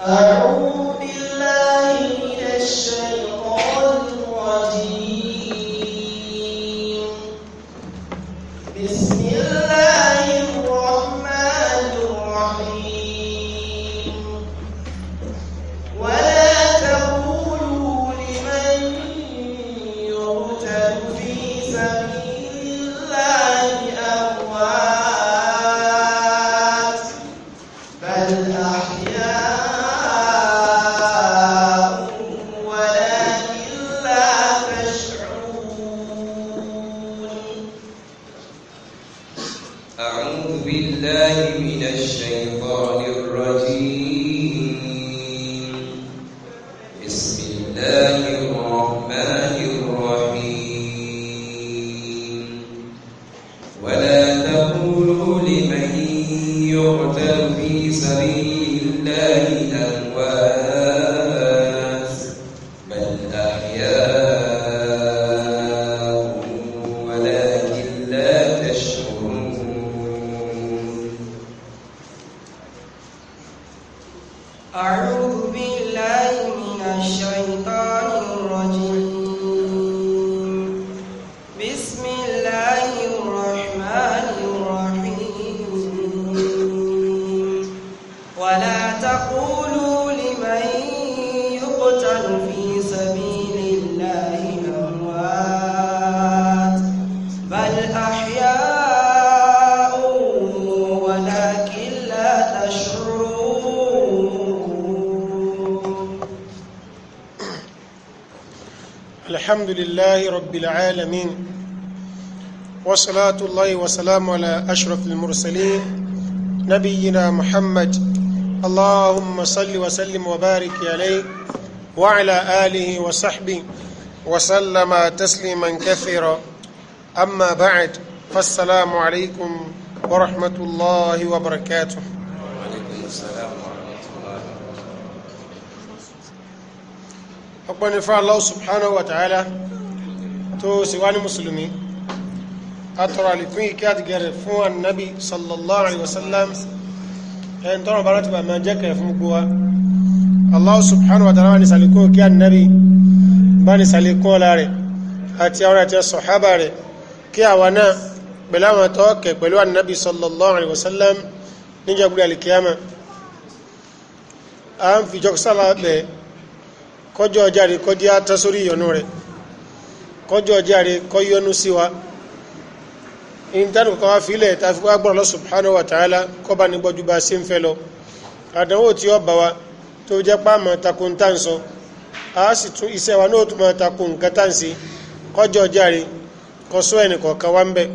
أعوذ بالله من الشيطان الرجيم رب العالمين وصلاة الله وسلام على أشرف المرسلين نبينا محمد اللهم صل وسلم وبارك عليه وعلى آله وصحبه وسلم تسليما كثيرا أما بعد فالسلام عليكم ورحمة الله وبركاته وعليكم السلام ورحمة الله وبركاته أقبل الله سبحانه وتعالى tó sì wá ní mùsùlùmí atọrọ àlékún ìkí àti gẹ̀rẹ̀ fún annabi sallallahu alaihi wasallam ẹni tọrọ bá láti bá máa jẹ́ kẹrẹ fún gbogbo wa allah subhanahu wa ta'ala ni salikun kí annabi bá ní salikun ọlá rẹ̀ àti àwọn àti sọ̀hábà rẹ̀ kí àwa náà pẹ̀lú àwọn tọ́ọ̀kẹ̀ pẹ̀lú annabi sallallahu alaihi wasallam níjọgbé alikiyama a ń fi jọ́kísàlá bẹ̀ kọjọ́ jáde kọjá tásórí ìyọnú rẹ̀ kọjọ járe kọyọnu sí wa ìntánù kan wá fílẹ̀ gbọ́nà lọ subhanahu wa ta'ala kọ́ bá ní gbọ́jú bá sí ń fẹ́ lọ àdánwò tí ó bá wa tó jẹ́ pàmọ́ takun tá ń sọ a sì tún iṣẹ́ wa náà tún máa takun nǹkan tá ń sí kọjọ járe kọ sọ ẹnì kọ̀ọ̀kan wá ń bẹ̀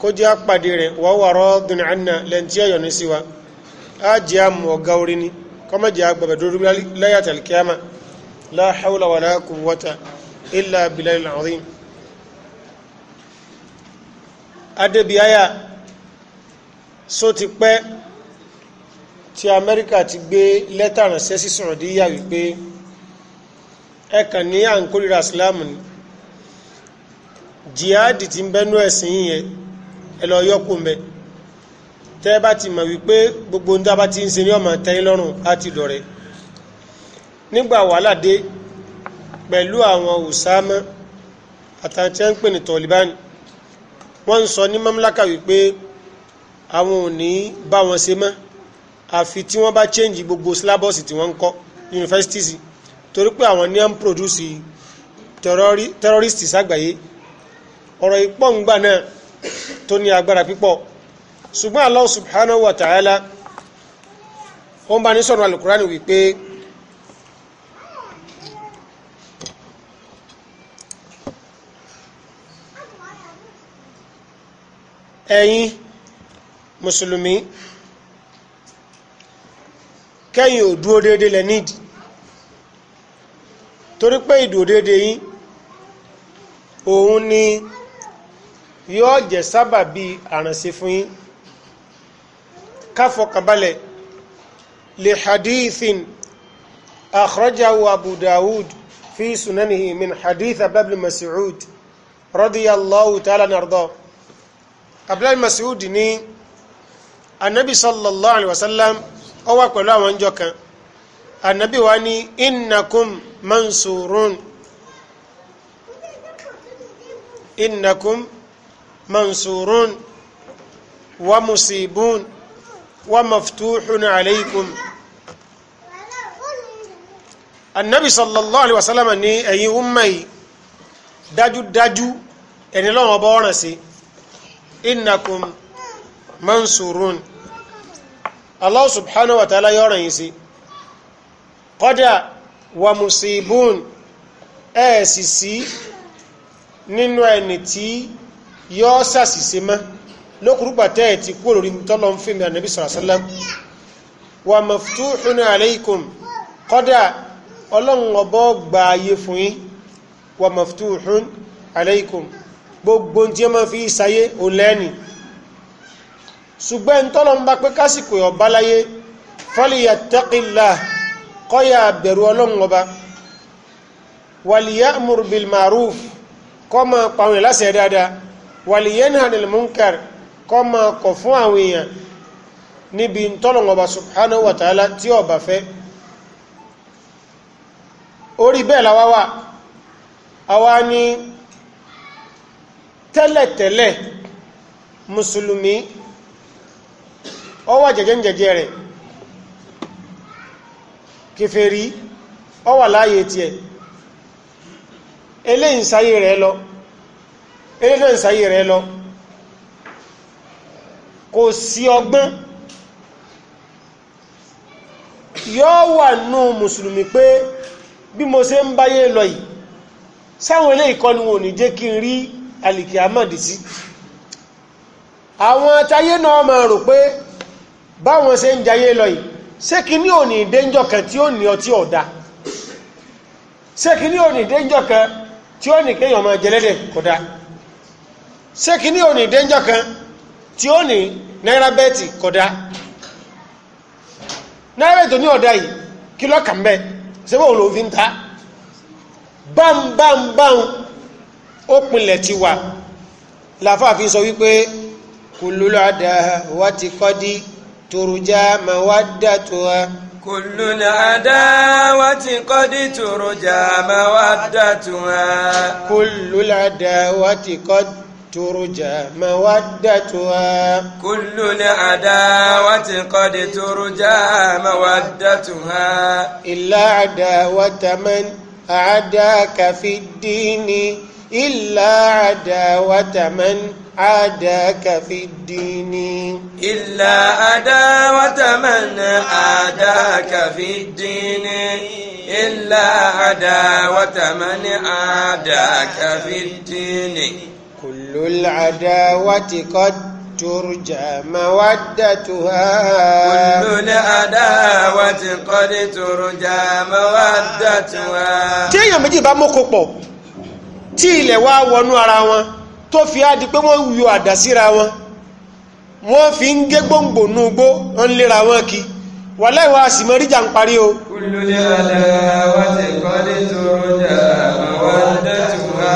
kó jẹ́ àpàdé rẹ̀ wà wà rọ́ dùnà àná lẹ́yìn tí ọ̀yọ́ ní sí wa a jẹ́ àmọ́ ọ̀gá orí ni kọ́mọ̀jẹ́ àgbàbẹ̀ dúró láyàtàlì kíámà la hawla wala quwwata إلا بلال العظيم adébi aya só ti pẹ́ tí amẹ́ríkà ti gbé lẹ́tà ránṣẹ́ sí Saudiya wípé ẹ kàn ní à ń kórìíra islam ni jihadi ti ń bẹ́nu ẹ̀sìn yìí yẹn ẹ lọ yọkù mẹ́ tẹ́ bá ti mọ̀ wípé gbogbo ń dábàá ti ń ṣe ní ọmọ tẹ́yìn lọ́rùn á ti dọ̀rẹ́ nígbà wàhálà dé pẹ̀lú àwọn Usama àtàntí à ń pè ní Taliban wọ́n ń sọ ní mamlaka wípé àwọn ò ní bá wọn ṣe mọ́ àfi tí wọ́n bá change gbogbo syllabus tí wọ́n ń kọ́ universities torí pé àwọn ní à ń produce terrorist ságbàyé ọ̀rọ̀ ìpọ́ngbà náà tó ní agbára pípọ̀ ṣùgbọ́n Allah subhanahu wa ta'ala ó ń bá ní sọ̀rọ̀ alukurani wípé ẹ̀yin mùsùlùmí kẹ́yìn ò dúró déédéé lẹ nídìí torí pé ìdúró déédéé yín òun ni yóò jẹ́ sábàbí àrànṣe fún yín káfọkànbalẹ̀ lè hadithin akhrajahu abu dawud fi sunanihi min hadith abdul mas'ud radiyallahu ta'ala nardọ́ abdullahi masoud ní anabi sallallahu alayhi wa sallam ó wà pẹ̀lú àwọn ọjọ́ kan anabi wa ní innakum mansurun innakum mansurun wa musibun wa maftuhun alaykum anabi sallallahu alayhi wa sallam ní ẹ̀yin umma yìí dájúdájú ẹni lọ́wọ́ bọ́ ọ̀ràn sí i innakum mansurun Allah subhanahu wa ta'ala yọ́rọ̀ yìí sí kọ́dà wà musibun ẹ̀ẹ̀sì sí nínú ẹni tí yọ́ sàṣìṣe mọ́ lókùrúgbà tẹ́ẹ̀ ti kú olórin tọ́lọ ń fèmì ànàbí sàrásálá wà maftuhun alaykum kọ́dà ọlọ́run ọbọ̀ gbààyè fún yín wà maftuhun alaykum gbogbo tí ó máa fi ìsáyé ò lẹ́ni ṣùgbọ́n tọ́lọ̀ ń bá pé kásìkò ọba láyé fọ́lìyàtẹ́kìlá kọ́yà bẹ̀rù ọlọ́run ọba wàlìyà mùrùbìl maruf kọ́ máa pàwọn ìlàsẹ̀ dáadáa wàlìyà ní munkar kọ́ máa kọ̀ fún àwọn èèyàn níbi tọ́lọ̀ ọba subhanahu wa ta'ala tí ọba fẹ́ orí bẹ́ẹ̀ làwa àwa ni tẹ́lẹ̀tẹ́lẹ̀ mùsùlùmí ó wà jẹjẹjẹjẹ rẹ̀ kèfèrí ó wà láàyè tí ẹ̀ eléyìí ìsáyé rẹ̀ lọ eléyìí náà ìsáyé rẹ̀ lọ kò sí ọgbọ́n yóò wà nù mùsùlùmí pé bí mo ṣe ń báyé lọ yìí sáwọn eléyìí kọ́ ni wọn ò ní jẹ́ kí n rí alìkì àmàdì sí àwọn táyé náà ma rò pé báwọn ṣe ń jayé lọ yìí ṣé kí ní òní déńjọ́ kan tí ó ní ọtí ọ̀dá ṣé kí ní òní déńjọ́ kan tí ó ní kéèyàn máa jẹlẹ́dẹ̀ kódà ṣé kí ní òní déńjọ́ kan tí ó ní náírà bẹ́ẹ̀tì kódà ní ọ̀dá yìí kí lọ́kàn bẹ́ẹ̀ ṣé bóun ló fi ń ta bámbámbáun ó pinlẹ̀ ti wà làfáàfin sọ wípé kullul adawati qad turja mawaddatuha. kullul adawati qad turja mawaddatuha. kullul adawati qad ترجى مودتها كل العداوة قد ترجى مودتها إلا عداوة من أعداك في الدين إلا عداوة من عاداك في الدين إلا عداوة من عاداك في الدين إلا عداوة من عاداك في الدين كل العداوة قد ترجى مودتها كل العداوة قد ترجى مودتها téèyàn méjì bá mọ́kò pọ̀ tí ilẹ̀ wá wọnú ara wọn tó fi á di pé wọ́n yọ àdá wọn wọ́n fi ń gé gbòǹgbò nú wọn kí wà lẹ́wọ̀ a sì mọ ríjà ń parí o. wá.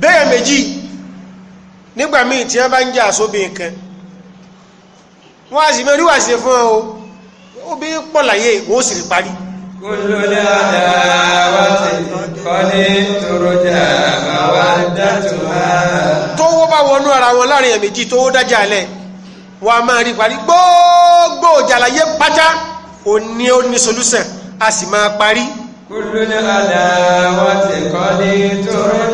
bẹ́ẹ̀ méjì nígbà míì tí wọ́n bá ń jẹ́ wọ́n sì ríwà sí fún ọ obìnrin sì parí. قد ترجى مودتها tówó bá wọnú ara wọn láàrin ẹ̀mí jí tówó dájà lẹ̀ wọ́n a máa rí parí gbogbo ìjàláyé pátá òní ó ní solúsẹ̀ a sì máa parí. kúlú ní àdáwọ̀ tí kọ́ ní tòrò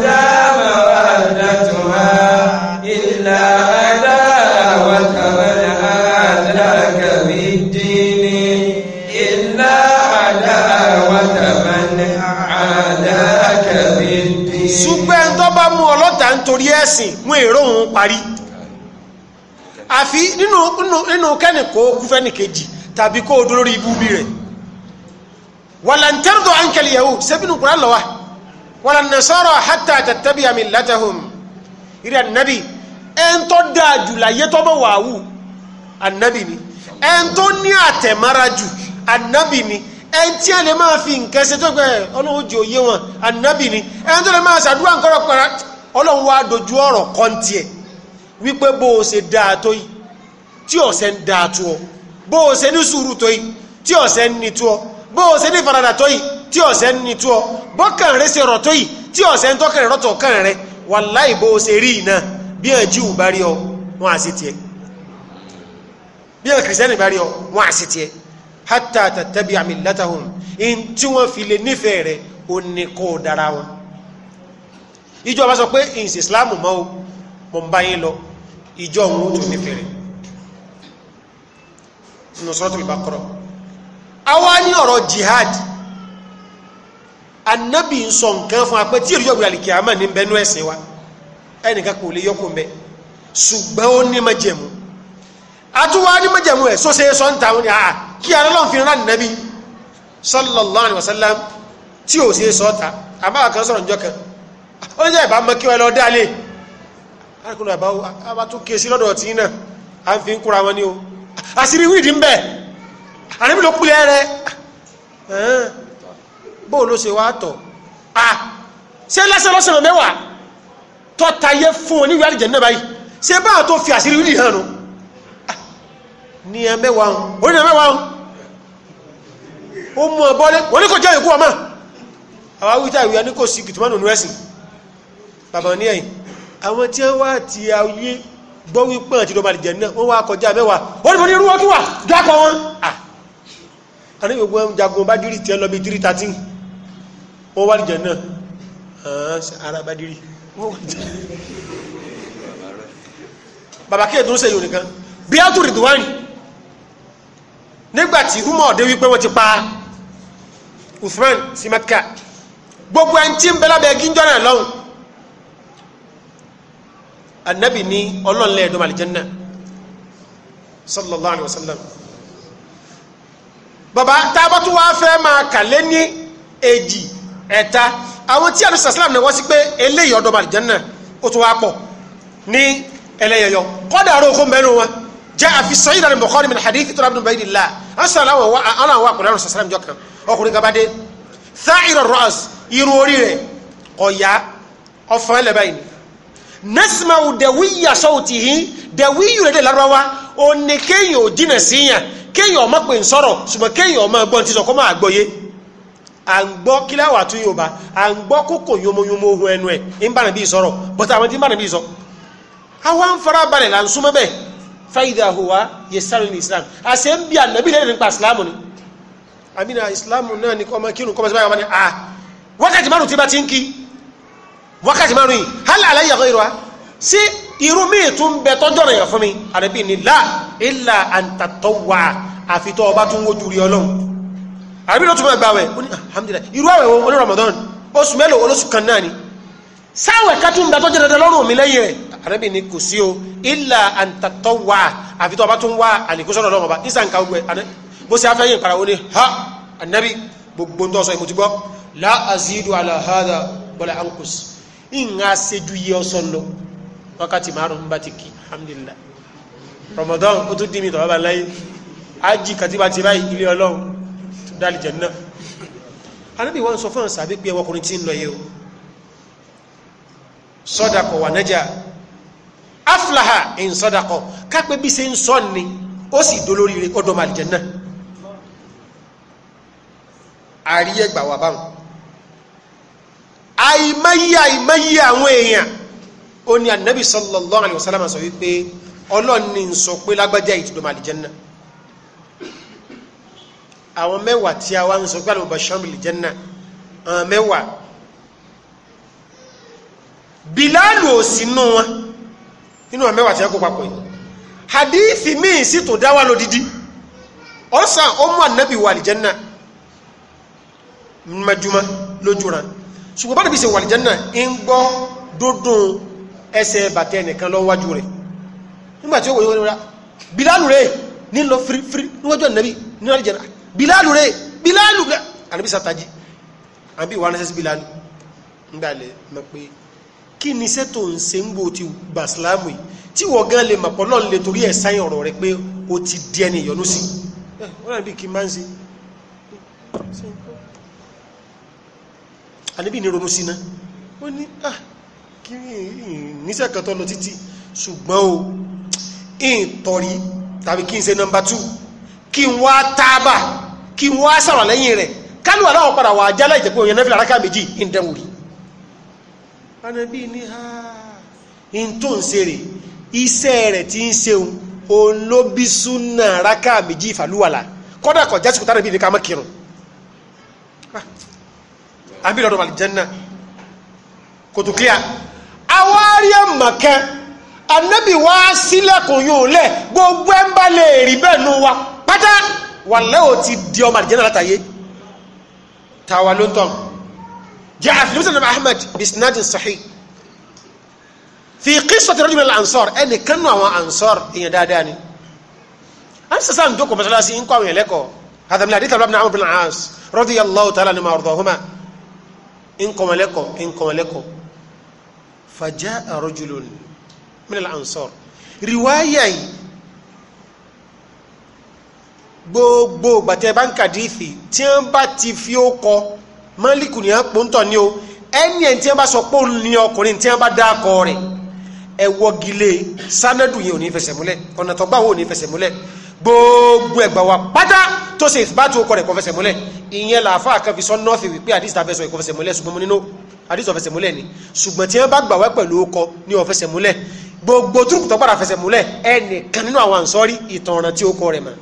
torí ẹ̀sìn mú èrò òun parí àfi nínú nínú kẹ́nì kó kú fẹ́nì kejì tàbí kó o dolórí ibú bí rẹ̀ wàlàntẹ́rùdọ̀ áńkẹ́lì yahoo sẹ́bínú kúrán lọ́wọ́ wàlànàṣọ́rọ̀ hátà tàtàbí àmì látàhùn ẹn tí a lè máa fi nǹkan tó gbẹ ọlọ́wọ́ jù òye wọn ànábì ni ẹn tó lè máa ṣàdúrà nǹkan rẹ̀ ọlọ́run wá dojú ọ̀rọ̀ kọ́ńtì ẹ̀ wípé bó o ṣe dáa tó yìí tí ọ̀sẹ̀ ń dáa tó ọ bó o ṣe ní sùúrù tó yìí tí ọ̀sẹ̀ ń ní tó ọ bó o ṣe ní faradà tó yìí tí ọ̀sẹ̀ ń ní tó ọ bọ́kàn rẹ ṣe rọ̀ tó yìí tí ọ̀sẹ̀ ń tọ́kàn rọ́tọ̀ kàn rẹ wàláì bó o ṣe rí iná bí ẹ̀ jíù bá rí ọ wọn à sí tiẹ̀ bí ẹ̀ kìrìsẹ́nì bá rí ọ wọn à sí tiẹ̀ hátà tàtàbí àmì látàhùn in tí wọ́n fi lè nífẹ̀ẹ́ rẹ̀ ó ní kó dára wọn ìjọ bá sọ pé ìsìn ìsìláàmù mọ́ o mọ̀ ń bá yín lọ ìjọ òun ó tún nífẹ̀ẹ́ rẹ̀ nínú Suratul Baqara àwa ní ọ̀rọ̀ jihad anabi ń sọ nǹkan fún apẹ́ tí ìrìyọ̀ gbìyànjú kìámà ní bẹ́ẹ̀ nú ẹ̀sìn wa ẹnìkan kò lè yọkùn bẹ́ẹ̀ ṣùgbọ́n ó ní májẹ̀mú àtúwá ní májẹ̀mú ẹ̀ sọ́sẹ́ sọ́ńtà wọn ni àá kí arọ́lọ́n fi rán nàbí sallallahu alaihi wasallam tí ò sí sọ́ta àbáwá kan sọ̀rọ̀ njọ́ kan ó ní ẹ̀bá mọ́ kí wọ́n lọ dálé arákùnrin àbá àbá tún ké sí lọ́dọ̀ tí náà a ń fi ń kúra wọn ní o àṣírí wíìdì ń bẹ̀ àníbi ló pìlẹ̀ rẹ bóun ló ṣe wá tọ̀ a ṣé lẹ́sẹ̀ lọ́sẹ̀ mẹ́wàá tọ́ta yẹ fún un níwájú jẹ̀ náà báyìí ṣé báà tó fi àṣírí wíìdì hàn nù ní ẹ mẹ́wàá ń orí ẹ mẹ́wàá ń ó mú ọ bọ́lé bàbá ní ẹ̀yìn àwọn tí wọ́n wá ti ayé gbọ́ wípé àti ìdọ́mà àlìjẹ̀ náà wọ́n wá kọjá mẹ́wàá wọ́n ní irú wọn kí wà dákọ̀ wọn. àní gbogbo jagun bá dírì tiẹ̀ lọ bí dírì tàtí wọ́n wá àlìjẹ̀ náà ara bá dírì wọ́n wá àlìjẹ̀ bàbá kí ètò ń sèyí nìkan nígbàtí rúmọ̀ ọ̀dẹ́ wípé wọ́n ti pa Uthman sí gbogbo ẹni tí ń bẹ lábẹ́ gíńjọ́ anabi ní ọlọ́ọ̀lẹ́ ẹ̀dọ́ àlìjẹ́nà sallallahu alayhi wa sallam baba tábàtú wa fẹ́ máa kàlé ní èjì ẹ̀ta àwọn tí àlùsà sàlám náà wọ́n sí pé eléyìí ọ̀dọ́ àlìjẹ́nà ó tún wá pọ̀ ní ẹlẹ́yẹyọ kọ́dà àrò okó mẹ́rin wọn jẹ́ àfi sọ ìlànà Bukhari min hadith tó rábìnrin bẹ́ẹ̀ nílá aṣọ àwọn àwọn àpẹẹrẹ àlùsà sàlám jọ kan ọkùnrin kan bá dé thaira ras orí rẹ̀ ọ̀yá ọ̀fọ̀ ẹlẹ́bàá yìí nasimaw dẹwìyà sọ́ọ̀tì yìí dẹwìyù rẹ̀ lára wa ó ní kéèyàn ò jìnà sí yàn kéèyàn ọmọ pè ń sọ̀rọ̀ ṣùgbọ́n kéèyàn ọmọ ẹgbọ́n ti sọ kọ́ máa gbọ́yé à ń gbọ́ kíláwà tún yorùbá à ń gbọ́ kókò yomoyomo ohun ẹnu ẹ̀ ń bá nàbí sọ̀rọ̀ bọ́tà àwọn tí ń bá nàbí sọ. àwa ń fara balẹ̀ là ń súnmọ́ bẹ́ẹ̀ fáyidà hùwà yẹ sáré ní islam àṣẹ ń bí ànábì lẹ́yìn nípa ìsìlámù ni àmì na ìsìlámù náà ni kọ́mọ kírun kọ́mọ sí báyìí wọn ni à ah, wákàtí márùn tí bá ti ń kí wákàtí márùn yìí hali alẹ́ yàgò yìí wa sí irú mi tún bẹ tọ́jọ́ rẹ̀ fún mi àdàbí ni la ilà àǹtàtọ̀ wà àfitọ́ ọba tún wojú rí ọlọ́run àbí ló tún bẹ gbàwẹ̀ ó ní alhamdulilayi irú àwẹ̀ wo oní Ramadan oṣù mélòó olóṣù kan náà ni sáwẹ̀ ká tún bẹ tọ́jọ́ rẹ̀ lọ́rùn mi lẹ́yìn rẹ̀ àdàbí ni kò sí o ilà àǹtàtọ̀ wà àfitọ́ ọba tún wà àlèkóṣọ́ ọlọ́run ọba ní ìhà ṣẹ́jú yẹ ọsàn lọ wákàtí márùn-ún ti kí alhamdulillah Ramadan ó tún dìmí tọ́wọ́ bá láyé ájì kàtíbà ti báyìí ilé ọlọ́run tó dá àlìjẹ náà anábì wọn sọ fún ọ̀sàbí pé ọkùnrin tí ń o sọ́dàkọ̀ wà nájà aflaha in sọ́dàkọ̀ kápẹ́ bí ṣe ń sọ ni ó sì dolórí ọdọ̀mọ àlìjẹ náà àríyẹ gbà wà báwọn àìmọye àìmọye àwọn èèyàn ó ní anabi sallallahu alayhi wa sallam sọ wípé ọlọ́run ní sọ pé lágbájá ìtúndọ̀mọ àlìjẹ́nà àwọn mẹ́wàá tí a wá ń sọ pé àlùbọ̀ sọ́ọ̀mù àlìjẹ́nà àwọn mẹ́wàá bilalu ò sí nù wọn nínú àwọn mẹ́wàá tí a kó papọ̀ yìí hadithi míì sì tó dá wà lódìdí ọ̀sán ó anabi wà àlìjẹ́nà mọ́júmọ́ lójúran ṣùgbọ́n bá níbi ṣe wà ní jẹ́nà ń gbọ́ dúndùn ẹsẹ̀ bàtẹ́ ẹnìkan lọ wájú rẹ̀ nígbà tí ó wòye wọlé bilalu rẹ̀ ní lọ firifiri níwájú ànábì ní rẹ̀ bilalu rẹ̀ ànábì sàtàjì ni iṣẹ́ tó ń ṣe ń gbò ti gbà sílámù yìí tí wọ́n gan lè mọ̀pọ̀ náà lè torí ẹ̀ sáyìn ọ̀rọ̀ rẹ̀ pé o ti àníbì ní ronú síná ó ní ah kí níṣẹ́ kan tó lọ títí ṣùgbọ́n o ìtọ̀rí tàbí kí n ṣe nọmba tú kí n wá tábà kí n wá sọ̀rọ̀ lẹ́yìn rẹ̀ kálù aláwọ̀ padà wà ajá láì jẹ́ pé òyìn náà fi àrákà méjì ń dẹ̀wò rí àníbì ní ha ah, in tó ń àbí lọ́dọ̀ àlìjẹ́nà kò tó clear awárí ẹ̀mọ̀kẹ́ anábì wá sílẹ̀kùn yóò lẹ̀ gbogbo ẹ̀ ń bá lè rí bẹ́ẹ̀ nù wa pátá wà lẹ́wọ̀ ti di ọmọ àlìjẹ́nà látàyé tàwa ló ń tọ̀ jẹ́ àfihàn nàbà Ahmad bisnadin sahih fi qissati rajul min al-ansar ẹnì kánú àwọn ansar èèyàn dáadáa ni an sasa ń masalasi ń àwọn yẹn lẹ́kọ̀ọ́ hadamina adita ibn amr bin as radiyallahu ta'ala ni ma ọ̀rọ̀dọ̀ Inkomaleko, inkomaleko. fàjá rajulun minal ansar riwaya yìí gbogbo gbàtẹ́ báńkà dìífì tí wọ́n bá ti fi ó kọ mọ́líkù ní àpòǹtọ̀ ni o ẹni ẹ̀ tí wọ́n bá sọ pé òun ni ọkùnrin tí wọ́n bá dá akọ rẹ̀ ẹ wọ́gilé sanadu yìí ò ní fẹsẹ̀ múlẹ̀ ọ̀nà wo ò ní fẹsẹ̀ múlẹ̀ gbogbo ẹgbà wa pátá tó ṣe ìbátú ọkọ rẹ̀ kò fẹsẹ̀ múlẹ̀ ìyẹn làáfà kan fi sọ nọ́ọ̀fì wípé àdìsí ta fẹsọ̀ ìkọfẹsẹ̀ múlẹ̀ ṣùgbọ́n mo nínú àdìsí ọ̀fẹsẹ̀ ni ṣùgbọ́n tí wọ́n bá gbà wá pẹ̀lú ọkọ ní ọ̀fẹsẹ̀ múlẹ̀ gbogbo túrùkù tó padà fẹsẹ̀ múlẹ̀ ẹnìkan nínú àwọn àǹsọ́rí ìtàn ọ̀ràn tí ó kọ rẹ̀ mọ́.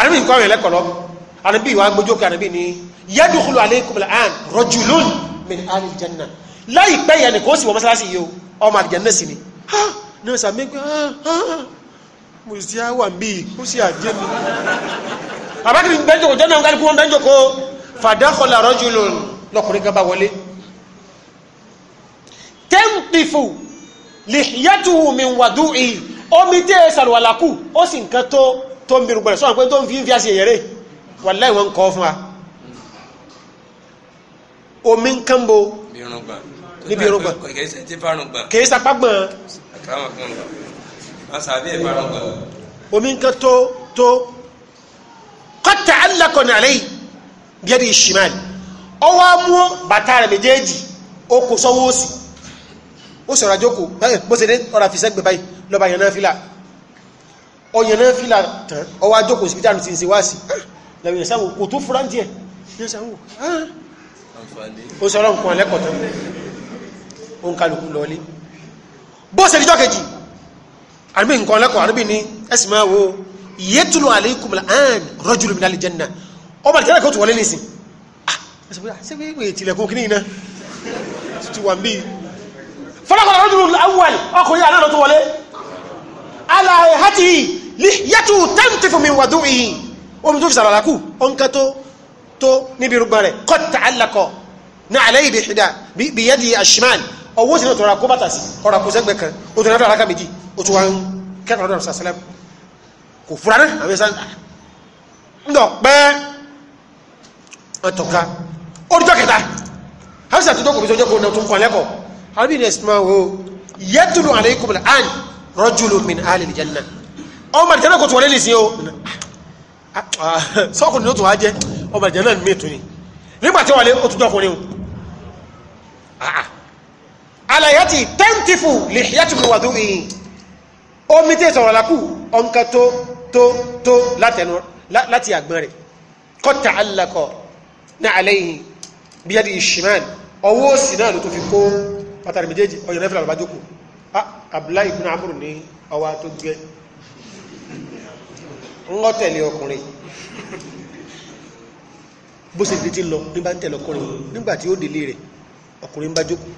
àníbi nǹkan àwọn ẹlẹ́kọ̀ọ́ lọ àníbi ìwà gbójókè àníbi ni yadkhulu alaykum al'an rajulun min ahli al náà sàmì pé ah, ah, mo sì á wà mí ó sì àjẹ mi. àbákìrì ń bẹ́ńjòkó jọ́nà ń kálukú wọn bẹ́ńjòkó fàdákọ̀lá rọ́jò lọkùnrin kan bá wọlé. tẹ́ǹpìfù lìyàtùwù mi wàdú ìyí omi tẹ́ ẹ sàlùwàlàkù ó sì nǹkan tó tó ń birùgbọ̀rẹ̀ sọ́nà pé tó ń fi ń fi àṣẹ yẹrẹ wàláì wọn kọ́ fún wa omi ń kánbo níbi irungba kèé sapagbọn omi nǹkan tó tó kọ́tà alákọ̀ọ́nà àlẹ́ yìí bíẹ́dì ìṣìmáàlì ọwọ́ mú bàtà rẹ̀ méjèèjì ó kò sọ́wọ́ òsì ó sọ̀rọ̀ àjókò bó ṣe dé ọ̀rọ̀ àfisẹ́ gbẹ̀ báyìí lọ́ba yẹn náà fílà ọyàn náà fílà tán ọwọ́ àjókò sí bítàrùn ti ń ṣe wá sí ah, lẹ́yìn yẹn sáwọ́ kò tó fura ń tiẹ̀ yẹn sáwọ́ ah. ó sọ̀rọ̀ nǹkan ẹlẹ́kọ̀ọ́ tán ó ń bó ṣe dijọ́ kejì àdúgbò nǹkan lẹ́kọ̀ọ́ àdúgbò ní ẹ̀sìn máa wo yẹtùlù alaykum al'an rajulun min al-janna ọmọ àti jẹ́nà kò tù wọlé nìsín ṣe ah, pé ah, èyí tilẹ̀kùn kí ní iná ti wà ń bí fọlọ́kọ̀ rajulun awwal ọkùnrin àná ló tún wọlé aláhẹ̀ hàtì yẹtù tẹ́ǹtì rúgbọ́n rẹ̀ kọ́ tààlàkọ̀ ní àlẹ́ ìbí yadi ashimal ọwọ́ sí náà tọ́ra kó bàtà sí ọ̀rà kò sẹ́gbẹ̀ kan ó tún náà rákà méjì ó tún wá ń kẹ́kọ̀ọ́ lọ́dọ̀ sàṣẹlẹ̀ kò fura náà àwọn ẹ̀sán ńdọ̀ pẹ́ ọ̀tọ̀ka orúkọ kẹta hafisa tó dọ́kọ̀ bí sọ́jọ́ kó náà tún kọ́ lẹ́kọ̀ọ́ àbí ní ẹ̀sìn máa wo o sọ́kùnrin ló alayati tẹ́ǹtìfù lè yàtì mi wàdú ìyìn omi tí sọ̀rọ̀ lákù ọ̀nkà tó tó tó láti àgbọn rẹ̀ kọ́ta alákọ̀ ní alayhi bí yàtì ìṣìmáàlì ọwọ́ òsì náà ló tó fi kó pàtàkì méjèèjì ọ̀yọ̀ nẹ́fẹ̀lá bàbá jókòó Abdullahi ibn Amr ní ọwọ́ tó gẹ́ ńlọ tẹ̀lé ọkùnrin bó ṣe ti ti lọ ọkùnrin bá jókòó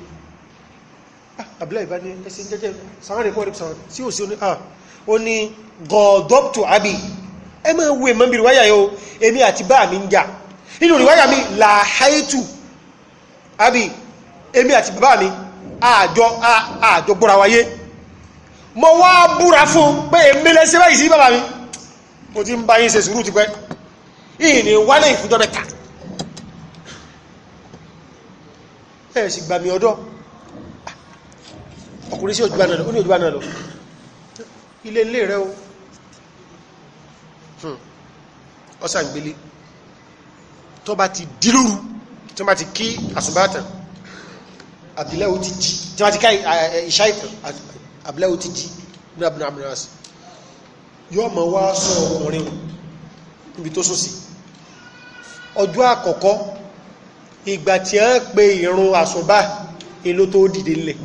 abúlé ìbá ní ẹsẹ̀ jẹ́jẹ́ sàárè kọ́ ẹ̀rẹ́pù sàárè sí òsì oní ah ó ní abi. àbí ẹ máa wo èèmọ́ bí ríwáyà yóò èmi àti bá mi ń jà nínú ríwáyà mi làáháìtù àbí èmi àti bàbá mi àjọ àjọ gbọ́ra wáyé mo wá búra fún pé èmi lẹ́sẹ̀ báyìí sí bàbá mi mo ti ń bá yín ṣe sùúrù ti pẹ́ ìní wálé ìfúnjọ́ mẹ́ta ẹ̀ sì gbà mí ọdọ́ ọkùnrin sí òjúbá náà lọ ó ní òjúbá náà lọ ilé ilé rẹ o ọsàngbélé hmm. tó bá ti dìlúrú tó bá ti kí àsùbátàn àbílẹ̀ ó ti jí tó bá ti ká ìṣáìtàn àbílẹ̀ ó ti jí ní abúlé abúlé yóò mọ̀ wá sọ ọkùnrin níbi tó sọ sí ọjọ́ àkọ́kọ́ ìgbà tí a ń pe ìrun àsùbá èlò tó dìde lẹ̀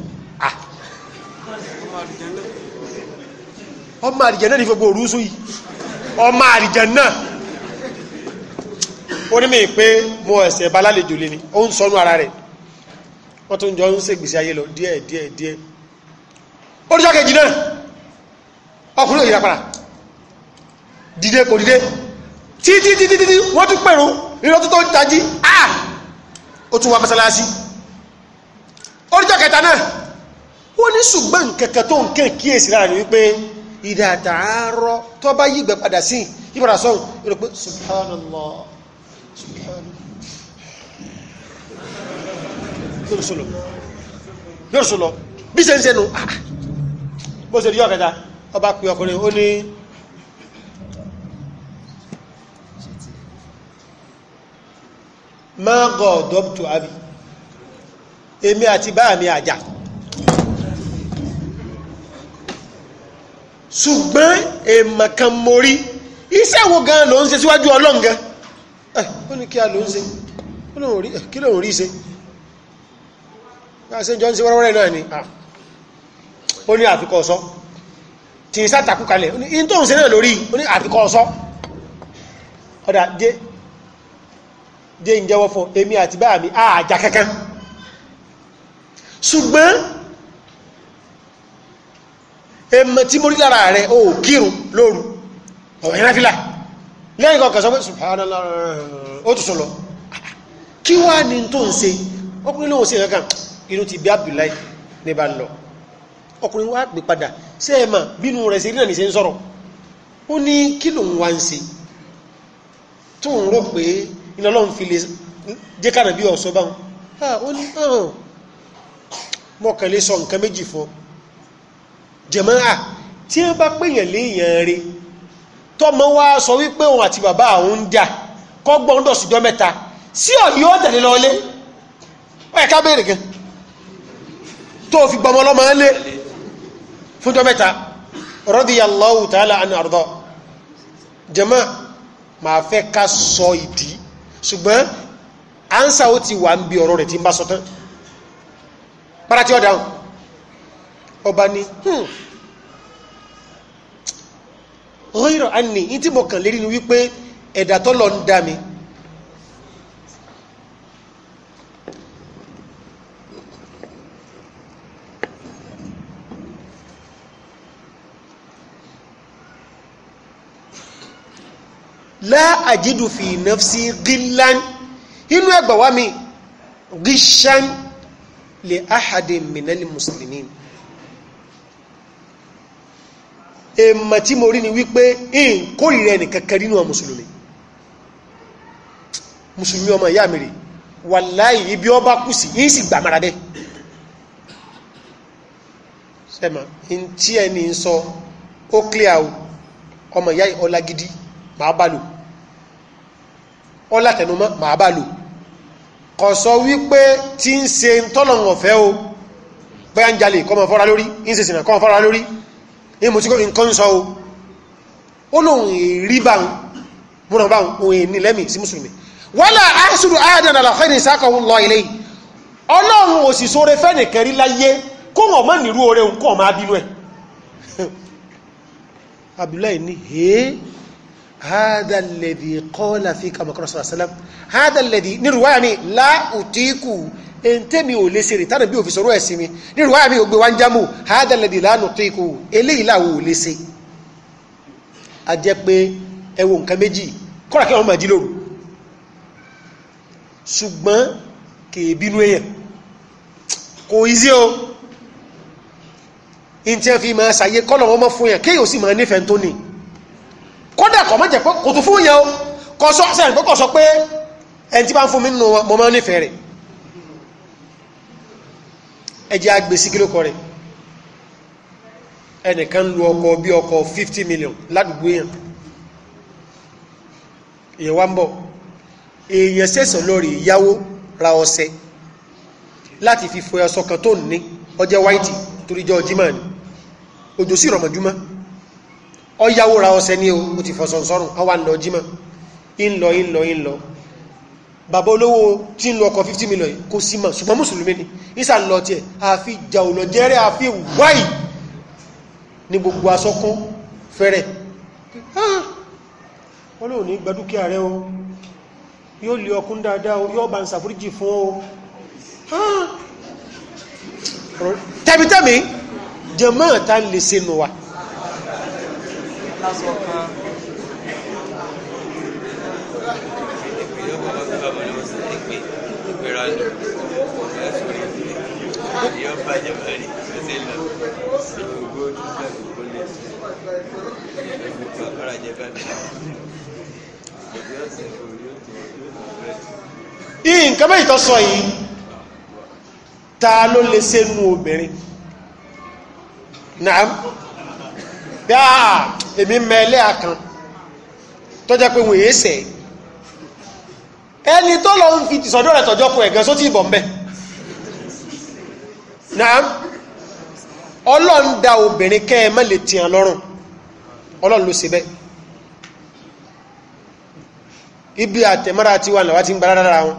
ah ọmọ àrìjẹ̀ náà ní gbogbo òrùsù yìí ọmọ àrìjẹ̀ náà ó ní mi pé mo ẹ̀sẹ̀ balálejò lé ní ó ń sọnù ara rẹ̀ wọ́n tún jọ ń ṣègbèsè ayé lọ díẹ̀ díẹ̀ díẹ̀ oríṣà kejì náà ọkùnrin òyìnbá padà dìde kò dìde títí títí títí wọ́n tún pẹ̀rù nínú tó tó tají ah ó tún wá mọ́sálásí oríṣà kẹta náà ó ní ṣùgbọ́n nkẹ̀kẹ́ tó nkẹ́ kíyèsí láàrin wípé ìdàtà àárọ̀ tó bá yígbẹ̀ padà sí ìbára sọ́run yóò pé subhanallah yóò sọ lọ bí ṣe ń ṣe nù ah, bó ṣe rí ọ̀kẹta ọba pè ọkùnrin ó ní máa gọ̀ọ́dọ́bùtù àbí èmi àti báàmì àjà ṣùgbọ́n èèmọ̀ kan mo rí iṣẹ́ wo gan ló ń ṣe síwájú ọlọ́run gan ẹ eh, ó ní kí a ló ń ṣe eh, kí ló ń rí ṣe bá a ṣe ń jọ ń ṣe wẹ́rẹ́wẹ́rẹ́ náà ni ah. ó ní àfikọ́ ọ̀ṣọ́ tí ìṣá takú kalẹ̀ ó ní in tó ń ṣe náà lórí ó ní àfikọ́ ọ̀ṣọ́ ọ̀dà dé dé ń jẹ́wọ́ fún èmi àti báàmì àjà kankan ṣùgbọ́n èèmọ̀ tí mo rí lára rẹ̀ o kírun lóru ọ̀rọ̀ ìrẹ́ fílà lẹ́yìn kan kẹsàn-án subhanallah ó tún sọ̀lọ̀ kí wá ní tó ń ṣe ọkùnrin lóhùn sí ẹ̀kan inú ti bí Abdullahi ní bá ń lọ ọkùnrin wá pè padà ṣé ẹ mà bínú rẹ̀ ṣe rí náà ní ṣe pé iná jẹ̀mọ́ra tí wọ́n bá pèèyàn léèyàn rẹ̀ tọ́mọ wa sọ wípé òun àti bàbá òun ń jà kọ́gbọ́n ń dọ̀síjọ́ mẹ́ta sí ọ̀yí ó tẹ̀lé lọ lé ọ̀ ẹ̀ka béèrè gan tó fi gbọmọ lọ́mọ lé fúnjọ́ mẹ́ta radiyallahu ta'ala anhu àrùdọ́ jẹ̀mọ́ màá fẹ́ ká sọ ìdí ṣùgbọ́n ansa ó ti wà ń bi ọ̀rọ̀ rẹ̀ tí ń bá sọ tán para tí ó dáhùn ọba ni hmm. rírọ̀ àní ní tí mo kàn lérí ni wípé ẹ̀dà tó lọ ń dá mi láàjídù fi nafsi gílán inú ẹgbàwá mi gíṣán lè áhàdè mìnàlì mùsùlùmí e tí mo rí ni wípé ìkórìíra ẹnìkan nínú ọmọ ìyá mi rè wàláì ọba kù sí yìí sì mara bẹ́ẹ̀ sẹ́mà ntí sọ ó o ọmọ ìyá ọlá gidi màá bá lò ọlá tẹnumọ́ màá bá lò kò sọ wípé tí ń o bóyá ń jalè kọ́ fọ́ra lórí ń èmò tí kò nǹkan sọ o ó lóun èrí báwọn múra báwọn òun èní lẹ́mì sí mùsùlùmí wala ahsuru ahadan ala khairin saqahu Allah ilayhi ọlọ́run ò sì sóre fẹ́nìkan rí láyé kó wọ́n mọ́ nírú oore òun kọ́ máa bínú ẹ̀ abdullahi ní hee هذا الذي قال فيك مكرس صلى الله عليه وسلم هذا الذي نرواني لا أتيك èntèmi ò lè ṣeré tánà bí òfin sọ̀rọ̀ ẹ̀sìn mi nírú wáyà mi ò gbé wá ń jámù hádàlẹ́dì lánà tó ikú eléyìí làwọn ò lè ṣe. a jẹ́ pé ẹ wo nǹkan méjì kọ́ra kí wọ́n máa jí lóru ṣùgbọ́n kèé bínú èèyàn kò ìzí o ìtẹ́ fi máa ṣàyẹ kọ́nà wọn mọ́ fún yẹn kéèyàn sì máa nífẹ̀ẹ́ tó ní kódà kọ̀ mọ́jẹ̀ pé kò tó fún yẹn o kò sọ pé ẹni tí bá ń fún mi nínú wọn mo máa nífẹ̀ẹ́ rẹ̀ ẹjẹ́ àgbè sí kílò kọ rẹ̀ ẹnìkan lu ọkọ̀ bí ọkọ̀ 50 million ládùúgbò èèyàn èèyàn wá ń bọ̀ èèyàn sẹ̀sọ̀ lórí ìyáwó ra ọṣẹ láti fi fọ ẹsọ kan tó ní ọjẹ́ wáìtì torí jọ ọjímà ni òjò sí rọ̀mọ̀júmọ́ ọyáwó ra ọṣẹ ní o ó ti fọ sọ̀nsọ́rùn ọwà ń lọ ọjímà ń bàbá olówó tí ń lọ ọkọ̀ 50 million kò sí mọ̀ ṣùgbọ́n mùsùlùmí ni ìsà ń lọ tí ẹ̀ àfi ìjà òlọ jẹ́rẹ́ àfi wáì ní gbogbo asọ́kún fẹ́rẹ̀ wọ́n lóò ní gbadúkìá rẹ o yóò lè ọkún dáadáa o yóò bá ń ṣàforíjì fún o tẹ́mítẹ́mí jẹ́mọ́ ta lè ṣe nù wa Rwanda basubira iyo bajya bari bazina ikigo cy'ubukunzi abaturage bari nǹkan bẹ́ẹ̀ tó sọ yìí ta ló lè ṣe nu obìnrin náà bí a èmi mẹ́lẹ́ àkàn tó jẹ́ pé wọ́n sẹ́yìn ẹni tó lọ ń fi tìsọ̀dọ̀ rẹ̀ tọ̀jọ́ fún ẹ̀gán sótì ìbọn bẹ́ẹ̀ naam ọlọ́run da obìnrin kẹ́ ẹ lè tìyàn lọ́rùn ọlọ́run ló ṣe ibi àtẹ̀mọ́ra ti wà làwọn ti ń gbára rárá wọn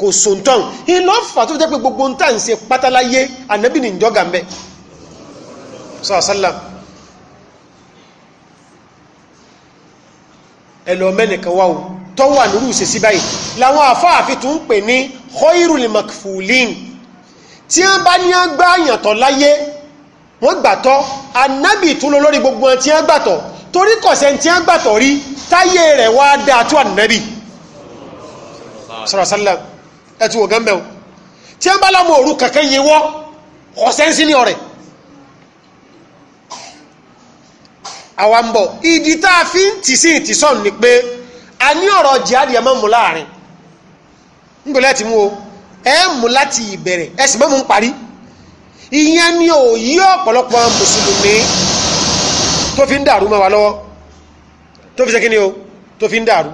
kò sòǹtọ́n ìlọ́fà tó jẹ́ pé gbogbo ń tà ń pátáláyé ànábì nìjọ́gà ń bẹ́ẹ̀ ẹ̀lọ́ mẹ́nìkan wá o tó wà nírú ìṣesí báyìí làwọn àfáàfin tó ń pè ní khoirul makfulin tí wọ́n bá ní gbá àyàntọ́ láyé wọ́n gbàtọ́ anábì tún lọ lórí gbogbo wọn tí wọ́n gbàtọ́ torí kọ̀sẹ̀ tí wọ́n gbàtọ́ rí táyé rẹ̀ wá dáa tó ànábì sọ̀rọ̀ sálẹ̀ tí wọ́n bá lọ́mọ òru kankan yẹ wọ́ ní ọ̀rẹ́ àwa ń bọ̀ ìdí tá a fi ń tì sí ìtìsọ́n ni pé a ní ọ̀rọ̀ jihadi ẹ̀ máa mú láàrin ń gbọ́dọ̀ ẹ̀ ti mú o ẹ̀ mú láti ìbẹ̀rẹ̀ ẹ̀ sì máa mú un parí ìyẹn ni ò yí ọ̀pọ̀lọpọ̀ mùsùlùmí tó fi ń dàrú mọ́ wa lọ́wọ́ tó fi ṣe kíni o tó fi ń dàrú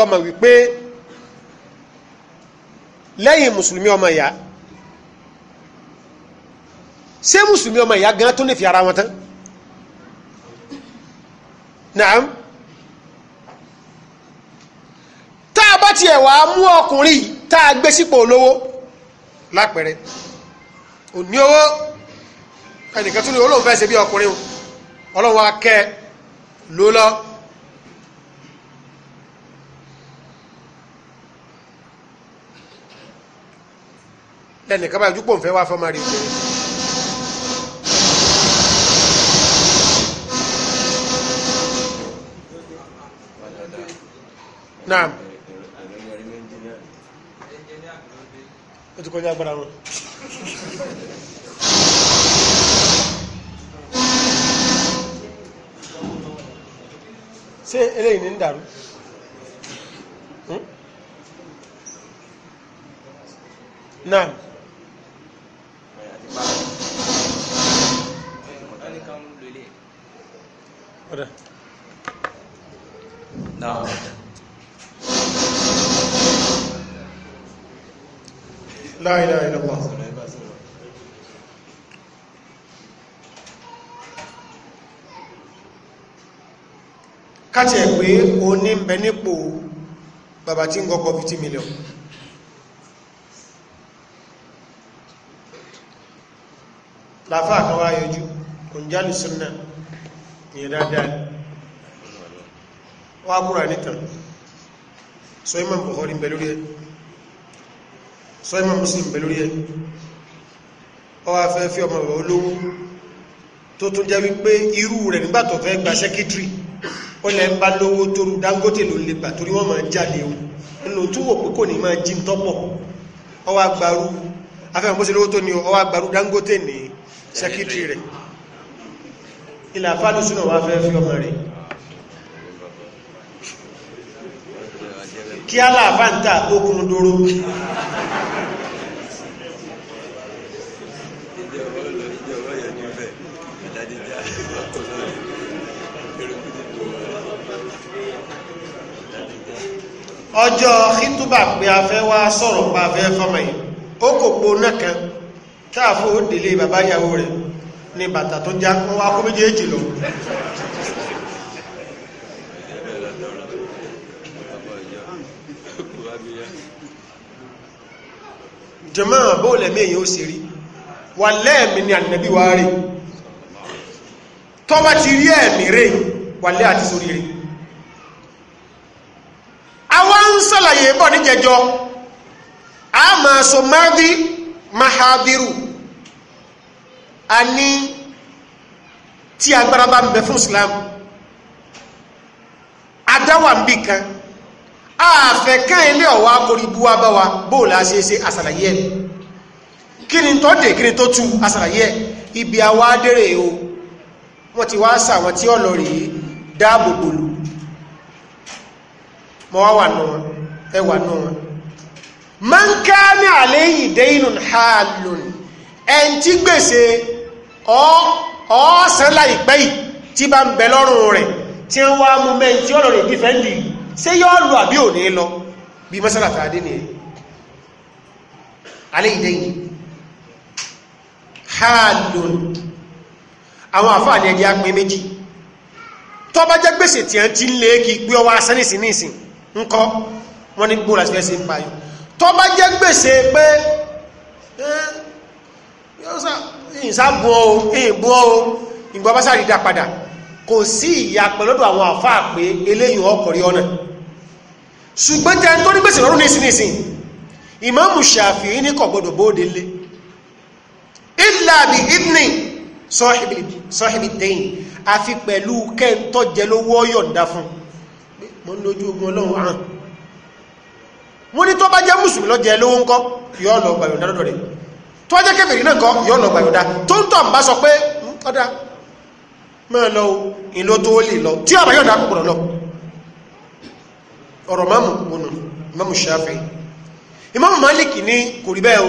a mọ̀ wípé lẹ́yìn mùsùlùmí ọmọ ìyá ṣé mùsùlùmí ọmọ ìyá gan tó lè fi ara wọn tán naam tá a bá tiẹ̀ wàá mú ọkùnrin tá a gbé sípò olówó lápẹ̀rẹ̀ òní owó ẹnìkan tún ní olóhùn fẹ́ ṣe bí ọkùnrin o ọlọ́run wa kẹ́ ẹ ló lọ. lẹ́nìkan báyìí ojú pò wá fọ́ rí obìnrin. naam ó ti kọjá agbára wọn. ṣé eléyìí ní ń dàrú hmm? naam. ọ̀dà. naam. la ilaha illallah káti ẹ̀ pé o ní bẹ nípò bàbá tí ń gọ́gọ́ 50 million láfá àkọwà yọjú òǹjálù súnnà ní ẹ̀dáadáa wọ́n nítàn so imam buhari bẹ lórí ẹ̀ sọ́yìnmọ̀ muslim pẹ̀lú rí ẹ ọwá fẹ́ fí ọmọ bàbá olówó tó tún jẹ́ wípé irú rẹ̀ nígbàtọ̀ fẹ́ gba sẹ́kítírì ó lẹ́ ń bá lówó tóru dangote ló lè gbà torí wọ́n máa jáde o nínú tún wò pé kò ní máa jí tọ́pọ̀ ọwá gbarú afẹ́mọ̀ bó ṣe lówó tó ní ọwá gbarú dangote ní sẹ́kítírì rẹ̀ ilẹ̀ àfáàlùsùnà wá fẹ́ fí ọmọ rẹ̀ kí aláàfáà ń ta okùn dóró ọjọ́ hituba pé a fẹ́ wá sọ̀rọ̀ pa afẹ́ fọmọ yìí ó kò po kan táàfó délé bàbá ìyàwó rẹ̀ ni bàtà tó já wọn wá kó méjèèjì lọ. jọmọ bóòlẹ mẹyìn ó sì rí wà lẹẹmí ni ànàbí wa rí tọba ti rí ẹmí rè wà lẹ àti sórí rè. sàlàyé bọ̀ níjẹjọ a máa so mádí mahadiru a ní tí agbára bá ń bẹ fún Islam adáwà ń bì kan àfẹ́ kán ilé ọ̀wá akóríbú wa bá wa bóòlù àṣeéṣe àsàlàyé ẹ̀ kí ni tó dé kí ni tó tu àsàlàyé ẹ̀ ibi àwa adérè o wọ́n ti wá sàwọn tí ọ̀lọ́rìí dáàbò bòlù mọ́ wà nù ẹwà náà wọn man kana alayhi daynun halun ẹn tí gbèsè ọ̀ọ́sán láìpẹ́ yìí tí bá ń bẹ lọ́rùn rẹ̀ tí wọ́n wá mú mẹ́rin tí ọ̀rọ̀ rẹ̀ dífẹ́ǹdì ṣé yóò lọ àbí ò ní lọ bí mọ́sálà tàdé nìyẹn alayhi daynun halun àwọn àfáà ní ẹjẹ́ apin méjì tó bá jẹ́ gbèsè tí a ti ń lé kí pé ọwọ́ asánìsì nísìn ńkọ́ wọ́n ní gbóòlà sí ẹsẹ̀ ìpààyàn tó bá jẹ́ gbèsè pé ìsàbùn o ìbùn o ìgbọ́ bá sáré dá padà kò sí ìyá pẹ̀lọ́dọ̀ àwọn àfáà pé eléyìn ọkọ̀ rí ọ̀nà ṣùgbọ́n jẹ́ tó ní gbèsè lọ́rùn nísinsìn ìmáàmù Ṣàfi'í ní kò gbọdọ̀ bóde lé illa bi idni sọ́hìbì dẹ́yìn àfi pẹ̀lú kẹ́ńtọ́ jẹ lówó ọ̀yọ̀ǹda wọ́n ní tó bá jẹ́ mùsùlùmí lọ́jẹ́ lówó ńkọ́ yọ́ lọ gbàyọ̀dá lọ́dọ̀ rẹ̀ tó jẹ́ kèfèrí náà kọ́ yọ́ lọ gbàyọ̀dá tó ń tọ̀ ń bá sọ pé hmm, ọ̀dà máa lọ ìlú tó lè lọ tí ọ̀rọ̀ yọ̀dá kò gbọ́dọ̀ lọ ọ̀rọ̀ máàmù ònà ìmáàmù Ṣáfi'í ìmáàmù Málíkì ní kò rí bẹ́ẹ̀ o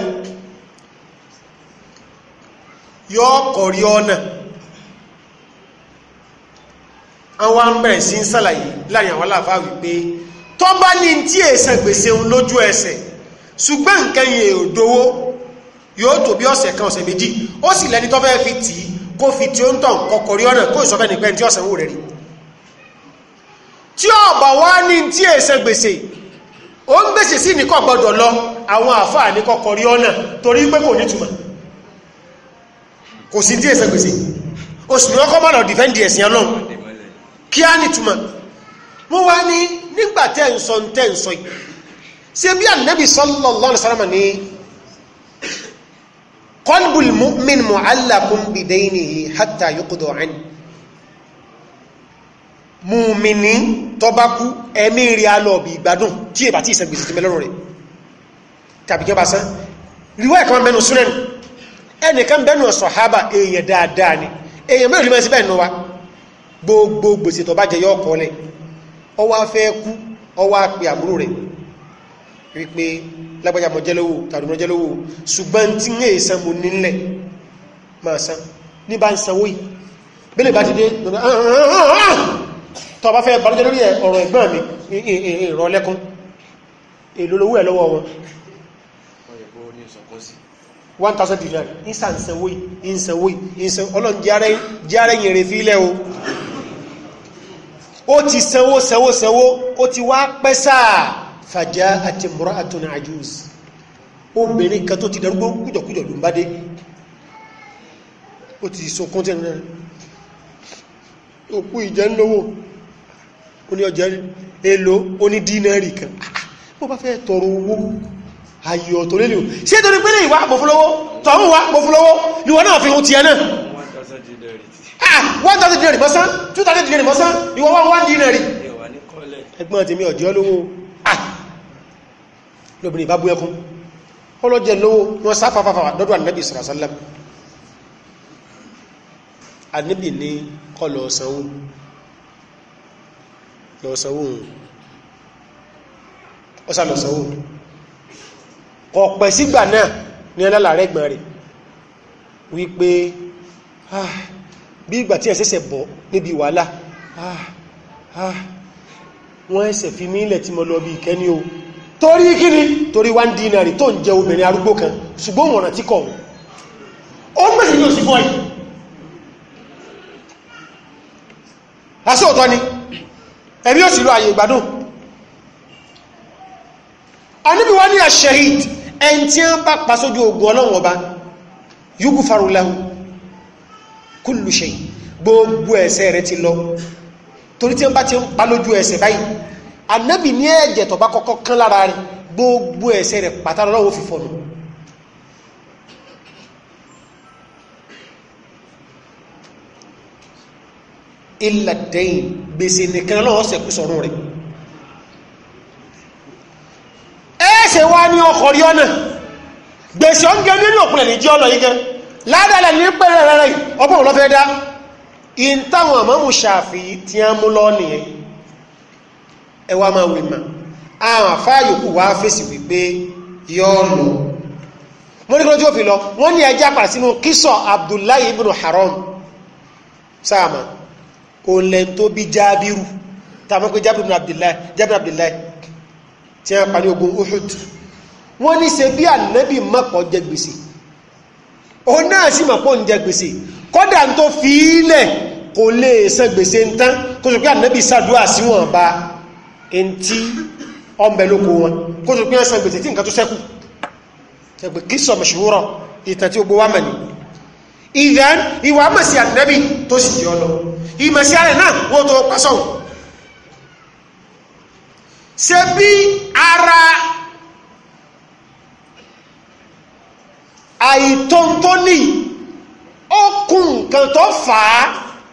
yọ ọkọ̀ rí ọ̀nà àwọn bẹ̀rẹ̀ sí ń sàlàyé láàrin àwọn aláàfáà wípé tó bá ní tí èsàn gbèsè òun lójú ẹsẹ̀ ṣùgbọ́n nǹkan yẹn ò dowó yóò tó bí ọ̀sẹ̀ kan ọ̀sẹ̀ méjì ó sì lẹ́ni tó fẹ́ẹ́ fi tì í kó fi tí ó ń tàn kọkọrí ọ̀nà kó ìsọfẹ́ nípẹ́ tí ọ̀sẹ̀ wò rẹ̀ rí tí ọ̀bà wá ní tí èsàn gbèsè ó ń gbèsè sí ní kò gbọ́dọ̀ lọ àwọn àfáà ní kọkọrí ọ̀nà torí pé kò nítumọ̀ kò sí tí èsàn gbèsè oṣù ni wọ́n kọ́ wọ́n wá ní nígbà tẹ́ ń sọ tẹ́ ń sọ yìí ṣe bí ànábì sallallahu alaihi wasallam ní qalbul mu'min mu'allaqun bidaynihi hatta yuqda anhu mùmìnì tọ́bákú ẹ̀mí rí alọ́ọ̀bì ìgbádùn tí èbà tí ìsẹ̀gbèsì ti mẹ́lọ́rùn rẹ̀ tàbí kẹ́ bá sán ríwá ẹ̀kan mẹ́nu súnrẹ́nu ẹnìkan bẹ́nu sàhábà èèyàn dáadáa ni èèyàn mẹ́rin mẹ́rin sí bẹ́ẹ̀ nù wa gbogbo gbèsè tọ́bá jẹ yọ́ ọkọ̀ lẹ́yìn ó wá fẹ́ kú ó wá pe àbúrò rẹ̀ wípé lágbàjá mọ̀ jẹ́lówó tàbí mọ̀ jẹ́lówó ṣùgbọ́n tí ń èè san mo nílẹ̀ máa san ní bá ń sanwó yìí bí lè bá ti dé ah, ah, ah, tó bá fẹ́ balójẹ́ lórí ọ̀rọ̀ ẹ̀gbọ́n mi ìrọ̀ lẹ́kún èlò lówó ẹ̀ lọ́wọ́ wọn 1000 dinar ìsànsanwó yìí ìsànwó yìí ọlọ́run jẹ́ arẹ́yìn rẹ̀ fílẹ̀ o ó ti sanwó sanwó sanwó ó ti wá pẹ́ sáà fàjá àti mọ́rá àtúnà àjúz obìnrin kan tó ti darúgbó kújọkújọ ló ń bá dé ó ti sọ kọ́ntẹ̀ náà òkú ìjẹ́ ńlówó ó ní ọjọ́ èlò ó ní dínárì kan mo bá fẹ́ tọrọ owó ayọ̀ tó lélẹ̀ ṣé torí pé lè wá àpòfúlówó Ah, one thousand dinari mọ́sán two thousand dinari mọ́sán ìwọ wá one dinari ẹgbọ́n ti mi ọ̀jọ́ lówó ah, lóbìnrin ìbá bú ẹkún ọlọ́jẹ́ lówó wọ́n sá fàfàfà dọ́dọ̀ ànábì sàrásálẹ́m ànábì ní kọlọ ọ̀sánwó lọ́sánwó ọ̀sán lọ́sánwó ọ̀pẹ̀ sígbà náà ní ẹlẹ́làrẹ́gbọ̀n rẹ̀ wípé ah bí ìgbà tí ẹ̀sẹ̀sẹ̀ bọ̀ níbi wàhálà ah, ah. wọ́n ẹsẹ̀ fi mílẹ̀ tí mo lọ bí ìkẹ́ ní o torí kíni torí wá ń dínàrí tó ń jẹ obìnrin arúgbó kan ṣùgbọ́n wọ̀nà tí kọ̀ ó mẹ́sì ní òsìfọ́ yìí aṣọ́ ọ̀tọ́ ni ẹ̀mí ò sì lọ àyè ìgbádùn aníbi wá ní àṣẹ̀hìd ẹni tí wọ́n bá pa sójú ogun ọlọ́run ọba yúgùfarùláhùn kúlù ṣe gbogbo ẹ̀ṣẹ̀ rẹ ti lọ torí tí wọ́n bá ti ń pa lójú ẹ̀ṣẹ̀ báyìí ànábì ní ẹ̀jẹ̀ tó bá kọ́kọ́ kán lára rẹ̀ gbogbo ẹ̀ṣẹ̀ rẹ̀ pátá lọ́wọ́ fi fọnù ilà dẹ́yìn gbèsè nìkan lọ́wọ́ sẹ̀kú sọ̀rọ̀ rẹ̀ ẹ̀ṣẹ̀ wá ní ọkọ̀ rí ọ̀nà gbèsè ọ̀ngẹ́ nínú òpinlẹ̀ níjẹ́ ọlọ́ yìí gan ládàlà ní pẹ̀lẹ̀ rẹ̀rẹ̀ ọgbọ̀n lọ fẹ́ dá in táwọn àmọ́mù ṣàfì tí a mú lọ nìyẹn ẹwà máa wè mà àwọn àfáàyòkù wá fèsì wípé yóò lọ wọ́n ní kí lójú òfin lọ wọ́n ní ẹjá padà sínú kísọ̀ Abdullahi ibn Haram sáàmà òǹlẹ̀ tó bí jábírù tàbí pé jábírù Abdullahi jábírù Abdullahi tí a parí ogun Uhud wọ́n ní ṣe bí ànábì mọ́pọ̀ jẹ gbèsè òun náà sì ma pé òun jẹ gbèsè kọ́dà tó fi ilẹ̀ kò lè san gbèsè ń tán kó sọ pé ànábì sàdúrà sí wọn bá ẹni tí ọmọbẹ lóko wọn kó sọ pé wọn san gbèsè tí nǹkan tó sẹ́kù ẹgbẹ́ kí sọ mọ̀ṣúwúrọ̀ ìtàn tí gbogbo wa mọ̀ ni ìdán ìwà mọ̀ sí ànábì tó sì yọ lọ ìmọ̀ sí ààrẹ náà wọ́n tó pàṣọ ṣe bí ara àìtóntóní ó kún nǹkan tó fà á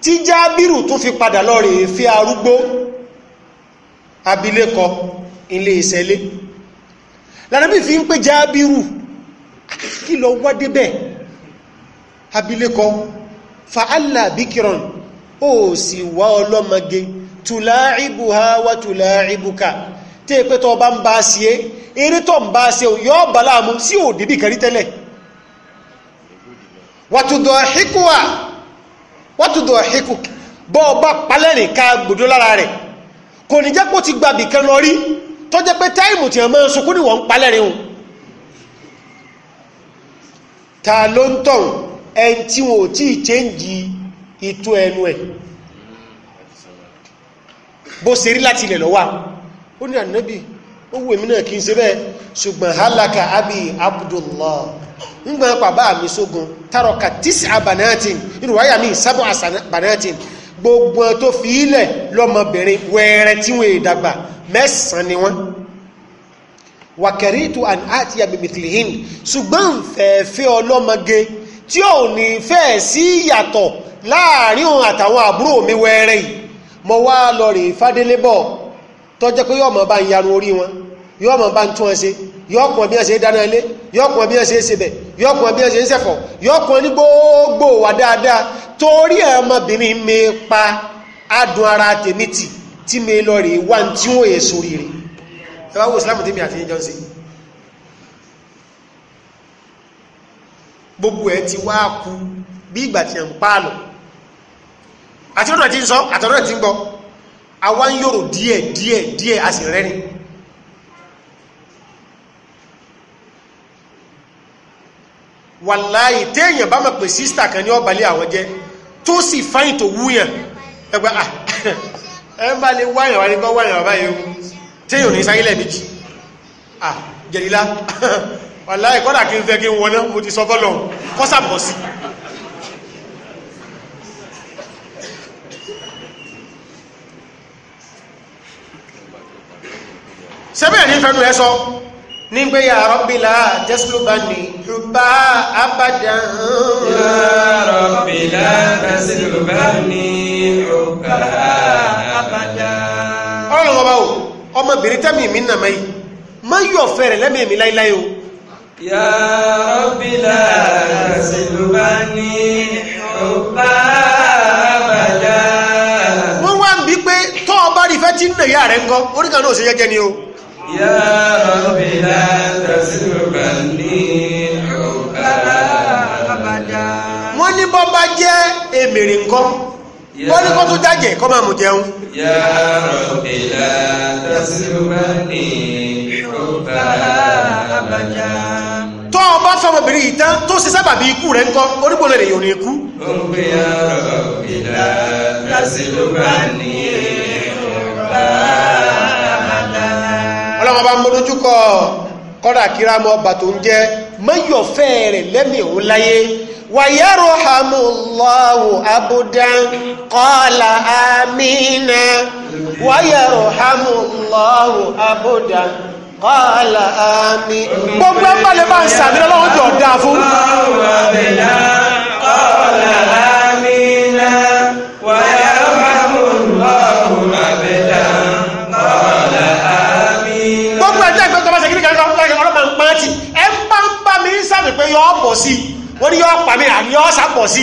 tí jábírù tún fi padà lọ rèé fi arúgbó abilékọ ilé ìṣẹ́lé lánàbí fi ń pé jábírù kí lọ wádé bẹ́ẹ̀ abilékọ fa'alla bikiran ó sì wá ọlọ́mọge tùláàíbù ha wá tùláàíbù ka tí è bá ń bá sí eré tọ́ ń bá sí yọ́ bá láàmú sí òdìbí kẹrí wàtúndọ̀ híkùwà wàtúndọ̀ híkù bọ́ ọba palẹ́rìn ká gbòdó lára rẹ̀ kò ní jẹ́ kó ti gbàbì kan lọ rí tó jẹ́ pé táìmù tí wọ́n máa ń sunkún ni wọ́n ń palẹ́rìn hùn ta ló ń tọ̀hún ẹni tí wọn ò tí ì chẹ́ǹjì ìtú ẹnu ẹ̀ bó ṣe rí láti ilẹ̀ lọ́wọ́ ó ní ànábì ó wù abi abdullah ngbẹ bàbá mi sógun tarọ ka tisi abanatin inú wáyà mi sábọ abanatin gbogbo tó fi ilẹ̀ lọ́mọbìnrin wẹ́rẹ́ tí wọ́n dàgbà mẹ́sàn-án ni wọ́n wàkẹ̀rìtù and ya abimikilihin ṣùgbọ́n fẹ́ẹ̀fẹ́ ọlọ́mọge tí ò ní fẹ́ sí yàtọ̀ láàrin òun àtàwọn àbúrò mi wẹ́rẹ́ yìí mo wá lọ rí fadélébọ̀ tọ́jẹ́ pé yọ́ọ̀mọ̀ bá ń yarun orí wọn yọ́ọ̀mọ̀ bá ń tún ẹ ṣe yọ́ọ̀kùn bí wọ́n ṣe dáná ilé yọkùn bí ẹ bẹ yọkùn bí ẹ ṣe yọkùn ní gbogbo wà torí ọmọbìnrin mi pa adùn ara tèmi tì tí mi lọ rè wá tí wọn yẹ sórí gbogbo ẹ ti wá ku bí ìgbà tí ẹ ń àti ọdún ti ń sọ ti ń àwa ń yòrò wàláyé téèyàn bá mọ̀ pé sísítà kan ní ọ̀bàlẹ̀ àwọn jẹ́ tó sì fáyìn tó wúyàn ẹgbẹ́ à ẹ ń ah, bá lè wáyàn wá ní kọ́ wáyàn wá báyìí o téèyàn ní sáyé lẹ́ẹ̀mejì à ah, jẹ̀lílá wàláyé kọ́dà kí n fẹ́ kí n wọná mo ti sọ fọ́lọ́ kọ́sàbọ̀ sí sẹ́bẹ̀ẹ́ ní fẹ́nu ẹ sọ nígbé ya Rabbi la taslubani hubba abadan. ya Rabbi la taslubani hubba abadan. ọlọ́run ọba o ọmọbìnrin tẹ́mi mi nà máyì máa yọ ọ̀fẹ́ rẹ̀ mi láíláí o. ya Rabbi la taslubani hubba abadan. wọ́n wá ń bí pé tọ́ ọ bá rí ìfẹ́ tí ń nà ya rẹ̀ ń gan oríkan náà ò ṣe jẹ́jẹ́ ni o. يا رب لا تسلبني أبدا wọ́n ní bọ́ bá jẹ́ èmèrè nǹkan wọ́n ní kó tó jájẹ̀ kó máa mú jẹun. يا رب لا تسلبني أبدا tọ́ ọ bá fọmọbìnrin yìí tán tó ṣe sábàbí ikú rẹ̀ ńkọ́ onígbòlò lè yòó ní ikú. ó ń pè ya rọ̀ ìlà lásìlú ọlọ́run bá mójúkọ kọ́dà kíra mọ́ ọba tó ń jẹ́ mọ́yọ̀fẹ́ rẹ̀ lẹ́mìí òun láyé wàyẹ̀rọ hamulọ́wù abudan kọ́lá amínà wàyẹ̀rọ hamulọ́wù abudan kọ́lá amínà. gbogbo ẹgbẹ́ lè máa ń sàmì lọ́wọ́ jọ̀ọ́ dáa fún. kọ́lá amínà kọ́lá amínà. pọ̀ sí wọ́n ní yọ́ pàmí àmì yọ́ sàpọ̀ sí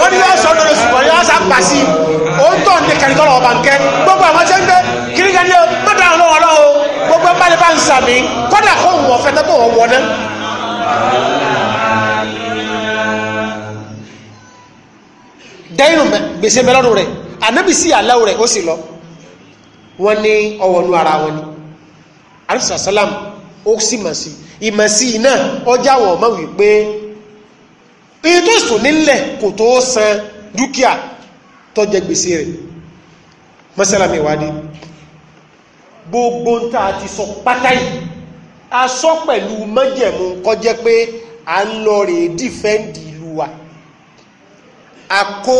wọ́n ní yọ́ sọ lórí ṣùgbọ́n yọ́ sàpà sí ó ń tọ̀ ní kẹ̀kẹ́ lọ́wọ́ ń kẹ́ gbogbo àwọn tí ń gbé kìrìkẹ́ ní o mọ́tà àwọn ọlọ́wọ́ lọ́wọ́ gbogbo ń bá lè bá ń sàmì kọ́dà kó wọ̀ fẹ́ tẹ́kọ̀ wọ̀ wọ̀ náà. dẹ́yìn gbèsè mẹ́lọ́rù rẹ̀ ànábì sí àláwù rẹ̀ ó sì lọ wọ́n ní ọwọ́ nu ara wọn ni àrísàsálàm ó sì mọ̀ sí ìmọ̀ èyí tó sùn nílẹ̀ kò tó san dúkìá tó jẹ gbèsè rẹ̀ mọ́sálàmì ìwádìí gbogbo ń tà àti sọ pátá a sọ pẹ̀lú mọ́jẹ̀mú kọjẹ́ pé à ń lọ rèé dìfẹ́ǹdì ìlú wa a kó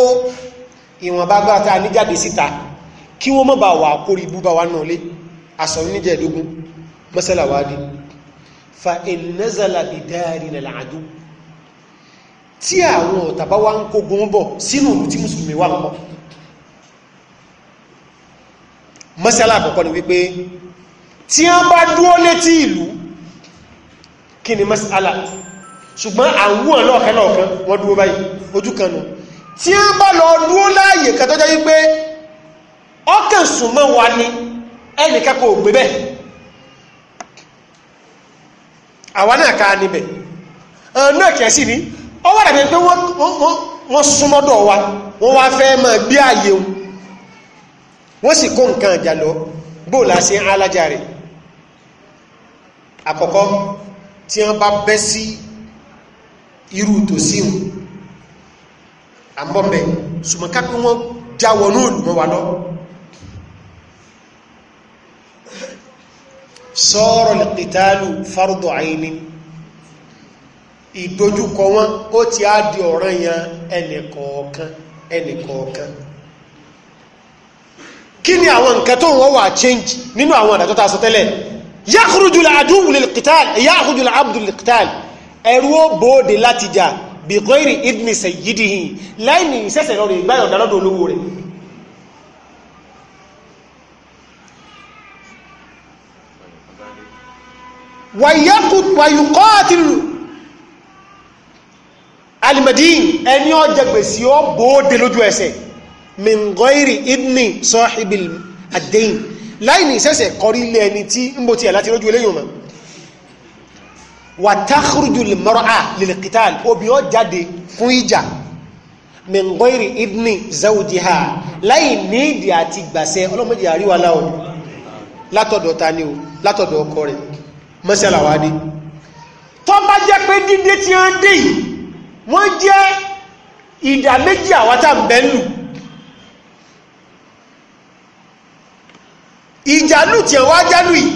ìwọ̀nba gbára tá níjáde síta kí wọ́n mọ̀ wà kórí ibú bá náà lé àsọ̀ níjẹ̀ẹ́dógún mọ́sálàwádìí fa ìnẹ́zàlà bìdáàrí nàlàádùn tí àwọn bá wá ń kógun bọ̀ sínú ìlú tí mùsùlùmí wà mọ́ mọ́sálà àkọ́kọ́ ni wípé tí a bá dúó létí ìlú kí ni mọ́sálà ṣùgbọ́n àwọn ọlọ́ọ̀kan lọ́ọ̀kan wọ́n báyìí ojú kan nù tí a bá lọ láàyè kan tó jẹ́ wípé ọkàn wa ni gbé bẹ́ẹ̀ ó wà dàbí pé wọ́n súnmọ́dọ̀ wa wọ́n wá fẹ́ mọ́ gbé àyè o wọ́n sì kó nǹkan ìjà lọ bó la alájà rẹ̀ àkọ́kọ́ tí wọ́n bá bẹ́ sí irú tòsí wọn àbọ̀mẹ̀ ṣùgbọ́n wọ́n já wọnú ìlúmọ̀ wa lọ sọ́rọ̀ lè pẹ̀tàlù fárúdọ̀ àyíní ìdojúkọ wọn ó ti á di ọ̀ranyàn ẹnìkọ̀ọ̀kan ẹnìkọ̀ọ̀kan kí ni àwọn nǹkan tó ń wọ́n wà change nínú àwọn àdájọ́ ta sọ tẹ́lẹ̀ yakhruju al-aduwwu lil-qital yakhruju al-abdu lil-qital ẹ̀rú ó bóde láti jà bi ghayri idni sayyidihi láìní ìṣẹ̀ṣẹ̀ lọ rẹ̀ ìgbáyọ̀ dálọ́dọ̀ olówó rẹ̀ wàyíkọ́tìlù alimadin ẹni ọjà gbèsè ọ bóde lójú ẹsẹ̀ mingoiri idni sọ́hibil adéyìn láì ní ìṣẹ̀ṣẹ̀ kọrí ilé ẹni tí ń bó ti ẹ̀ láti lójú eléyìn mọ̀ wà táhùrùjù lè mọ́rọ̀ à lè kìtàl obì ọ jáde fún ìjà mingoiri idni zawjiha láì ní ìdí àti gbàṣẹ ọlọ́mọdé àríwá láwọn látọ̀dọ̀ ta ni o látọ̀dọ̀ ọkọ rẹ̀ mọ́sálà wa tọ́ bá jẹ́ pé dídé tí wọ́n dé yìí wọ́n jẹ́ ìdá méjì àwátà bẹ́lù ìjálù tí wá jálù yìí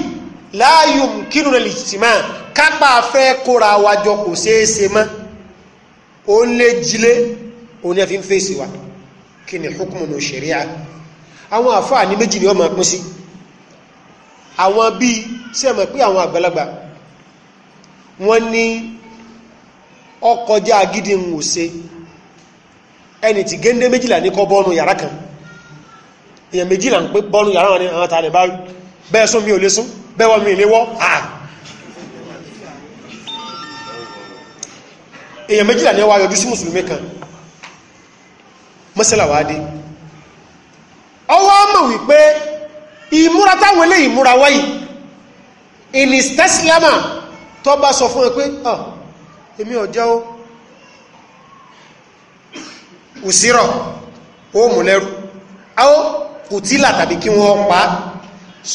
láàyò kínú rẹ̀ lìtìmá kápá fẹ́ kóra wájọ kò ṣeéṣe mọ́ ó lé jílé òun ni a fèsì wa kí ni hukumu ní ṣẹ̀ríà àwọn àfáà ní méjì ni wọ́n pín sí àwọn bíi sí pé àwọn àgbàlagbà wọ́n ní ọkọjá agídí ń ẹni tí géńdé méjìlá ní kọ bọ́ọ̀nù yàrá kan èèyàn méjìlá ń pé bọ́ọ̀nù yàrá wọn ni àwọn tààlẹ̀ bá bẹ́ẹ̀ sún mi ò lé sún bẹ́ẹ̀ wọ́n mi lé wọ́ èèyàn méjìlá ní wá yọjú mùsùlùmí kan mọ́sílá ọwọ́ mọ̀ wípé ìmúra táwọn eléyìí múra sọ fún ẹ pé ah, èmi ọjọ́ ó òsírọ̀ ó mú lẹ́rù áó kò tílà tàbí kí wọ́n pa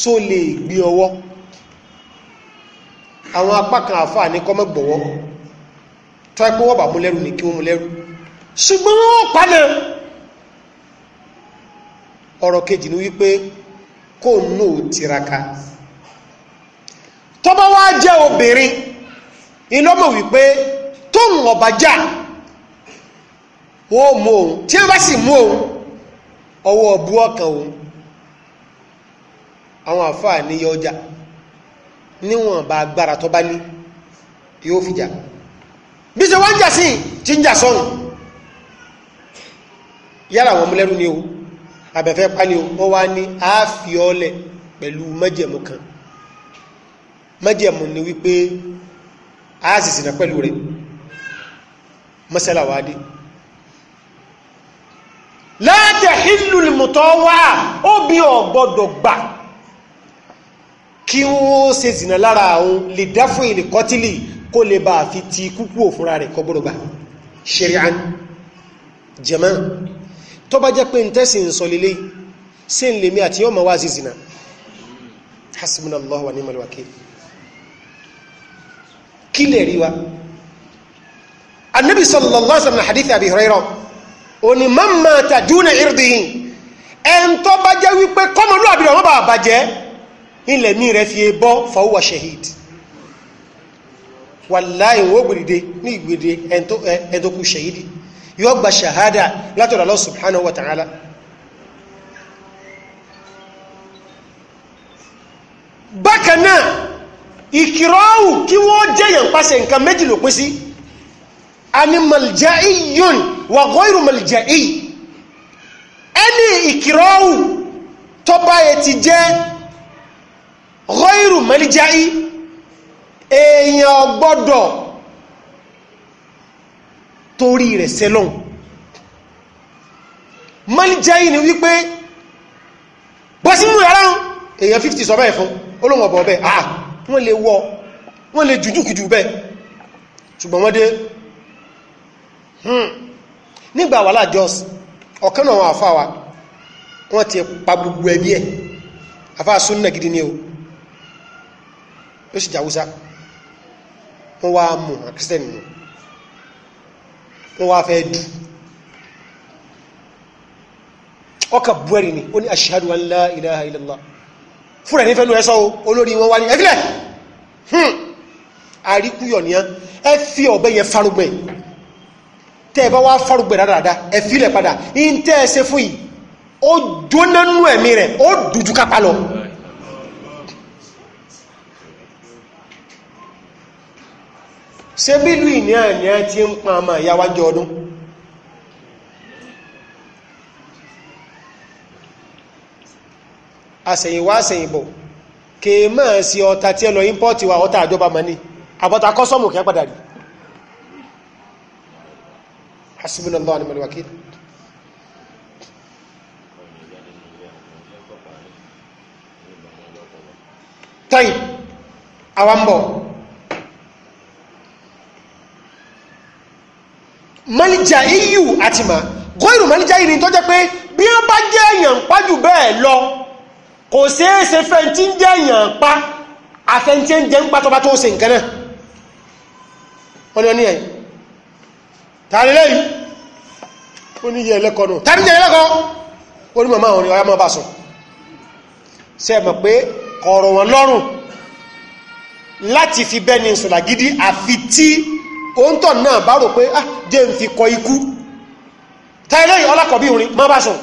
só lè gbé ọwọ́ àwọn apá kan àfà ní kọ́mọ́ gbọ̀wọ́ tó ẹ pé wọ́n bà mú lẹ́rù ní kí wọ́n mú lẹ́rù ṣùgbọ́n wọ́n pa náà ọ̀rọ̀ kejì ni wípé kóun náà tiraka tó wá jẹ́ obìnrin ìlọ́mọ̀ wípé tóun ọba jà wọ́n mú òun tí wọ́n bá sì mú òun ọwọ́ ọ̀bú ọkàn òun àwọn àfáà ní yọ ọjà níwọ̀n bá agbára tó bá ní yóò fi jà bí ṣe wọ́n ń jà sí tí ń jà sọ́nù yálà wọn múlẹ́rú ni o àbẹ̀fẹ́ pa o wọ́n wá ní àáfíọ́lẹ̀ pẹ̀lú májẹ̀mú kan májẹ̀mú ni wípé a sì sìnà pẹ̀lú rẹ̀ mọ́sálà wá dé láti hìlù lìmùtọ́ wá ó bí ọ̀gbọ́dọ̀ gbà kí wọ́n ṣe zìnà lára àwọn lè dá fún ìlè kọ́tílì kó lè bá fi ti kúkú òfúnra rẹ̀ kọ́ gbà ṣẹ̀rí'án jàmá tó bá jẹ́ pé ń tẹ́sì ń sọ lélé sí ń lèmi àti yọ́ ma wá sí zìnà wa ni'mal wakeel kílẹ̀ rí wa anabi sallallahu alaihi wasallam hadith abi hurairah oni mamma ta duna irdihin ẹn tó bá jẹ́ wípé kọ́mọlú àbí ọmọ bàbá jẹ́ ilẹ̀ mi rẹ̀ fi bọ́ fọwọ́ shahid wàláì wọ́n gbèrèdè ní ìgbèrèdè ẹn tó kú shahidi yóò gba shahada látọ̀dọ̀ Allah subhanahu wa ta'ala bákan náà ìkìrọ́wù kí wọ́n jẹ́yàn pàṣẹ nǹkan méjì ló pín sí ani maljaiyun wa ghayru maljai ẹni ìkìrọ́wù tó báyẹ ti jẹ́ ghayru maljaiy èèyàn gbọ́dọ̀ torí rẹ̀ sẹ́lọ̀n maljai ni wípé bọ́sí mú yàrá èèyàn 50 sọ bẹ́ẹ̀ fún olóhùn ọ̀bọ̀ bẹ́ẹ̀ ah wọ́n lè wọ́ wọ́n lè jùjùkùjù bẹ́ẹ̀ ṣùgbọ́n wọ́n dé hmm. nígbà wà láàjọ́s ọ̀kan náà wọn àfáà wa wọ́n ti pa gbogbo ẹbí ẹ̀ àfáà súnnà gidi ni o ó sì jàwúsá wọ́n wá mú àkísẹ́nì wọ́n wá fẹ́ dù ọkà buwẹ́rì ni ó ní ashhadu an la fúnra ní fẹ́nu ẹ̀sọ́ olórí wọn wá ní ẹ̀fílẹ̀ àríkúyọ̀ hmm. nìyẹn ẹ fi ọ̀bẹ yẹn farugbẹ̀ tẹ́ ẹ bá wá farugbẹ̀ dáadáa ẹ filẹ̀ padà ń tẹ́ ẹ ṣe fún yìí ó jóná nú ẹ̀mí rẹ̀ ó dùdú kápá lọ. ṣé bí ìlú ìní àná ti ń pa ọmọ ìyá ọdún. àsẹ̀yìnwá àsẹ̀yìnbọ̀ kèé máa sí ọta tí ẹ lọ ímpọ́ọ̀tì wa ọta àjọba mọ́ ni àbọ̀tà kọ́sọ́mù kẹ́ padà rí hasbunallahu ni'mal wakil tọ́yì àwambọ̀ mọ́lìjà eu àti ma gọ́ìrù mọ́lìjà ìrìn tó jẹ́ pé bí wọ́n bá kò ṣeéṣe fẹ́ntí ń jẹ́ èèyàn pa àfẹ́ntí ń jẹ́ ń pa tọba tó ṣe nǹkan náà wọ́n ni wọ́n ní ẹ̀ tààrí lẹ́yìn ó ní yẹ ẹlẹ́kọ̀ọ́ nù tààrí yẹ ẹlẹ́kọ̀ọ́ ó ní màmá òní ọ̀yá máa bá sùn ṣe mọ̀ pé ọ̀rọ̀ wọn lọ́rùn láti fi bẹ́ni sọ̀là gidi àfi tí òǹtọ̀ náà bá rò pé ah jẹ́ ń fi kọ ikú tààrí lẹ́yìn ọlákọ̀ọ́bí òrin máa bá sùn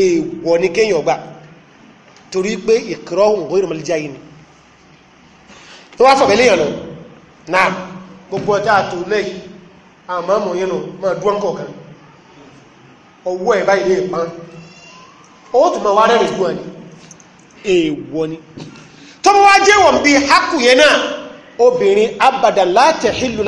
èèwọ̀ ni kéèyàn gbà torí pé ìkìrọ̀hùn bóyá ìrìnmọ̀lẹ́ jẹ́ yìí ni tó wá fọ̀bẹ̀lẹ́ yàn lọ náà gbogbo ọjọ́ àtò lẹ́yìn àmọ́ mọ̀ yẹnu máa dúró ńkọ̀ kan ọwọ́ ẹ̀ báyìí lè pan owó tó máa wá rẹ̀ rìn gbọ́n ni èèwọ̀ ni tó bá wá jẹ́ wọ̀n bíi hákù yẹn náà obìnrin abadan láti hìlù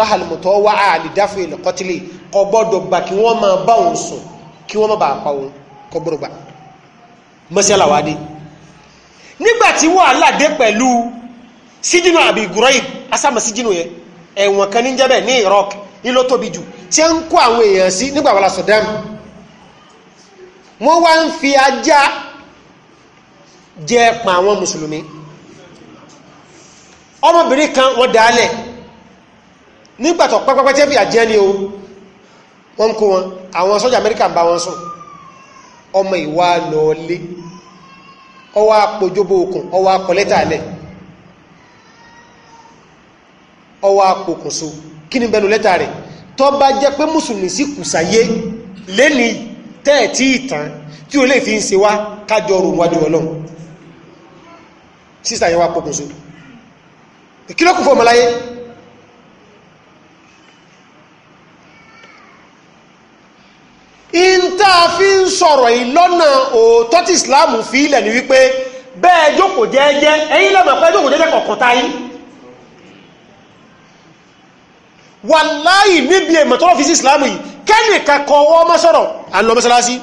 nígbàtí wàhálà dé pẹ̀lú síjínú àbí guraib asámà síjínú yẹn ẹ̀wọ̀n kan ní jẹ́bẹ̀ ní Iraq nílò tóbi jù tí a ń kó àwọn èèyàn sí nígbà wàhálà Saddam wọ́n wá ń fi ajá jẹ pa àwọn mùsùlùmí ọmọbìnrin kan wọ́n dálẹ̀ nígbàtọ̀ pẹ́pẹ́pẹ́ tẹ́fì àjẹ́ ni o wọ́n kó wọn àwọn sọ́jà Amẹ́ríkà ń bá wọn sùn ọmọ ìwà lọ́ọ́lé ọwọ́ àpòjọba òkun ọwọ́ àpọ̀lẹ́tà alẹ́ ọwọ́ àpòkùnso kí ni bẹnu lẹ́tà rẹ̀ tó bá jẹ́ pé mùsùlùmí sí kùsàyé lẹ́ni tẹ́ẹ̀tì ìtàn tí o lè fi ń ṣe wá kájọ ọrùn wájú ọlọ́run sísà yẹn kí ló kù fún ọmọláyé ìntà fi ń sọ̀rọ̀ ìlọ́nà òótọ́ tí ìsìláàmù fi ilẹ̀ ni wípé bẹ́ẹ̀ jókòó jẹ́ẹ́jẹ́ ẹ̀yin lọ́mọ̀ pé jókòó jẹ́ẹ́jẹ́ kọ̀ọ̀kan táyín wàláyì níbi èmọ̀ tó lọ́fi sí ìsìláàmù yìí kẹ́nì kakọ̀ ọwọ́ mọ́ sọ̀rọ̀ à ń lọ mọ́sálásí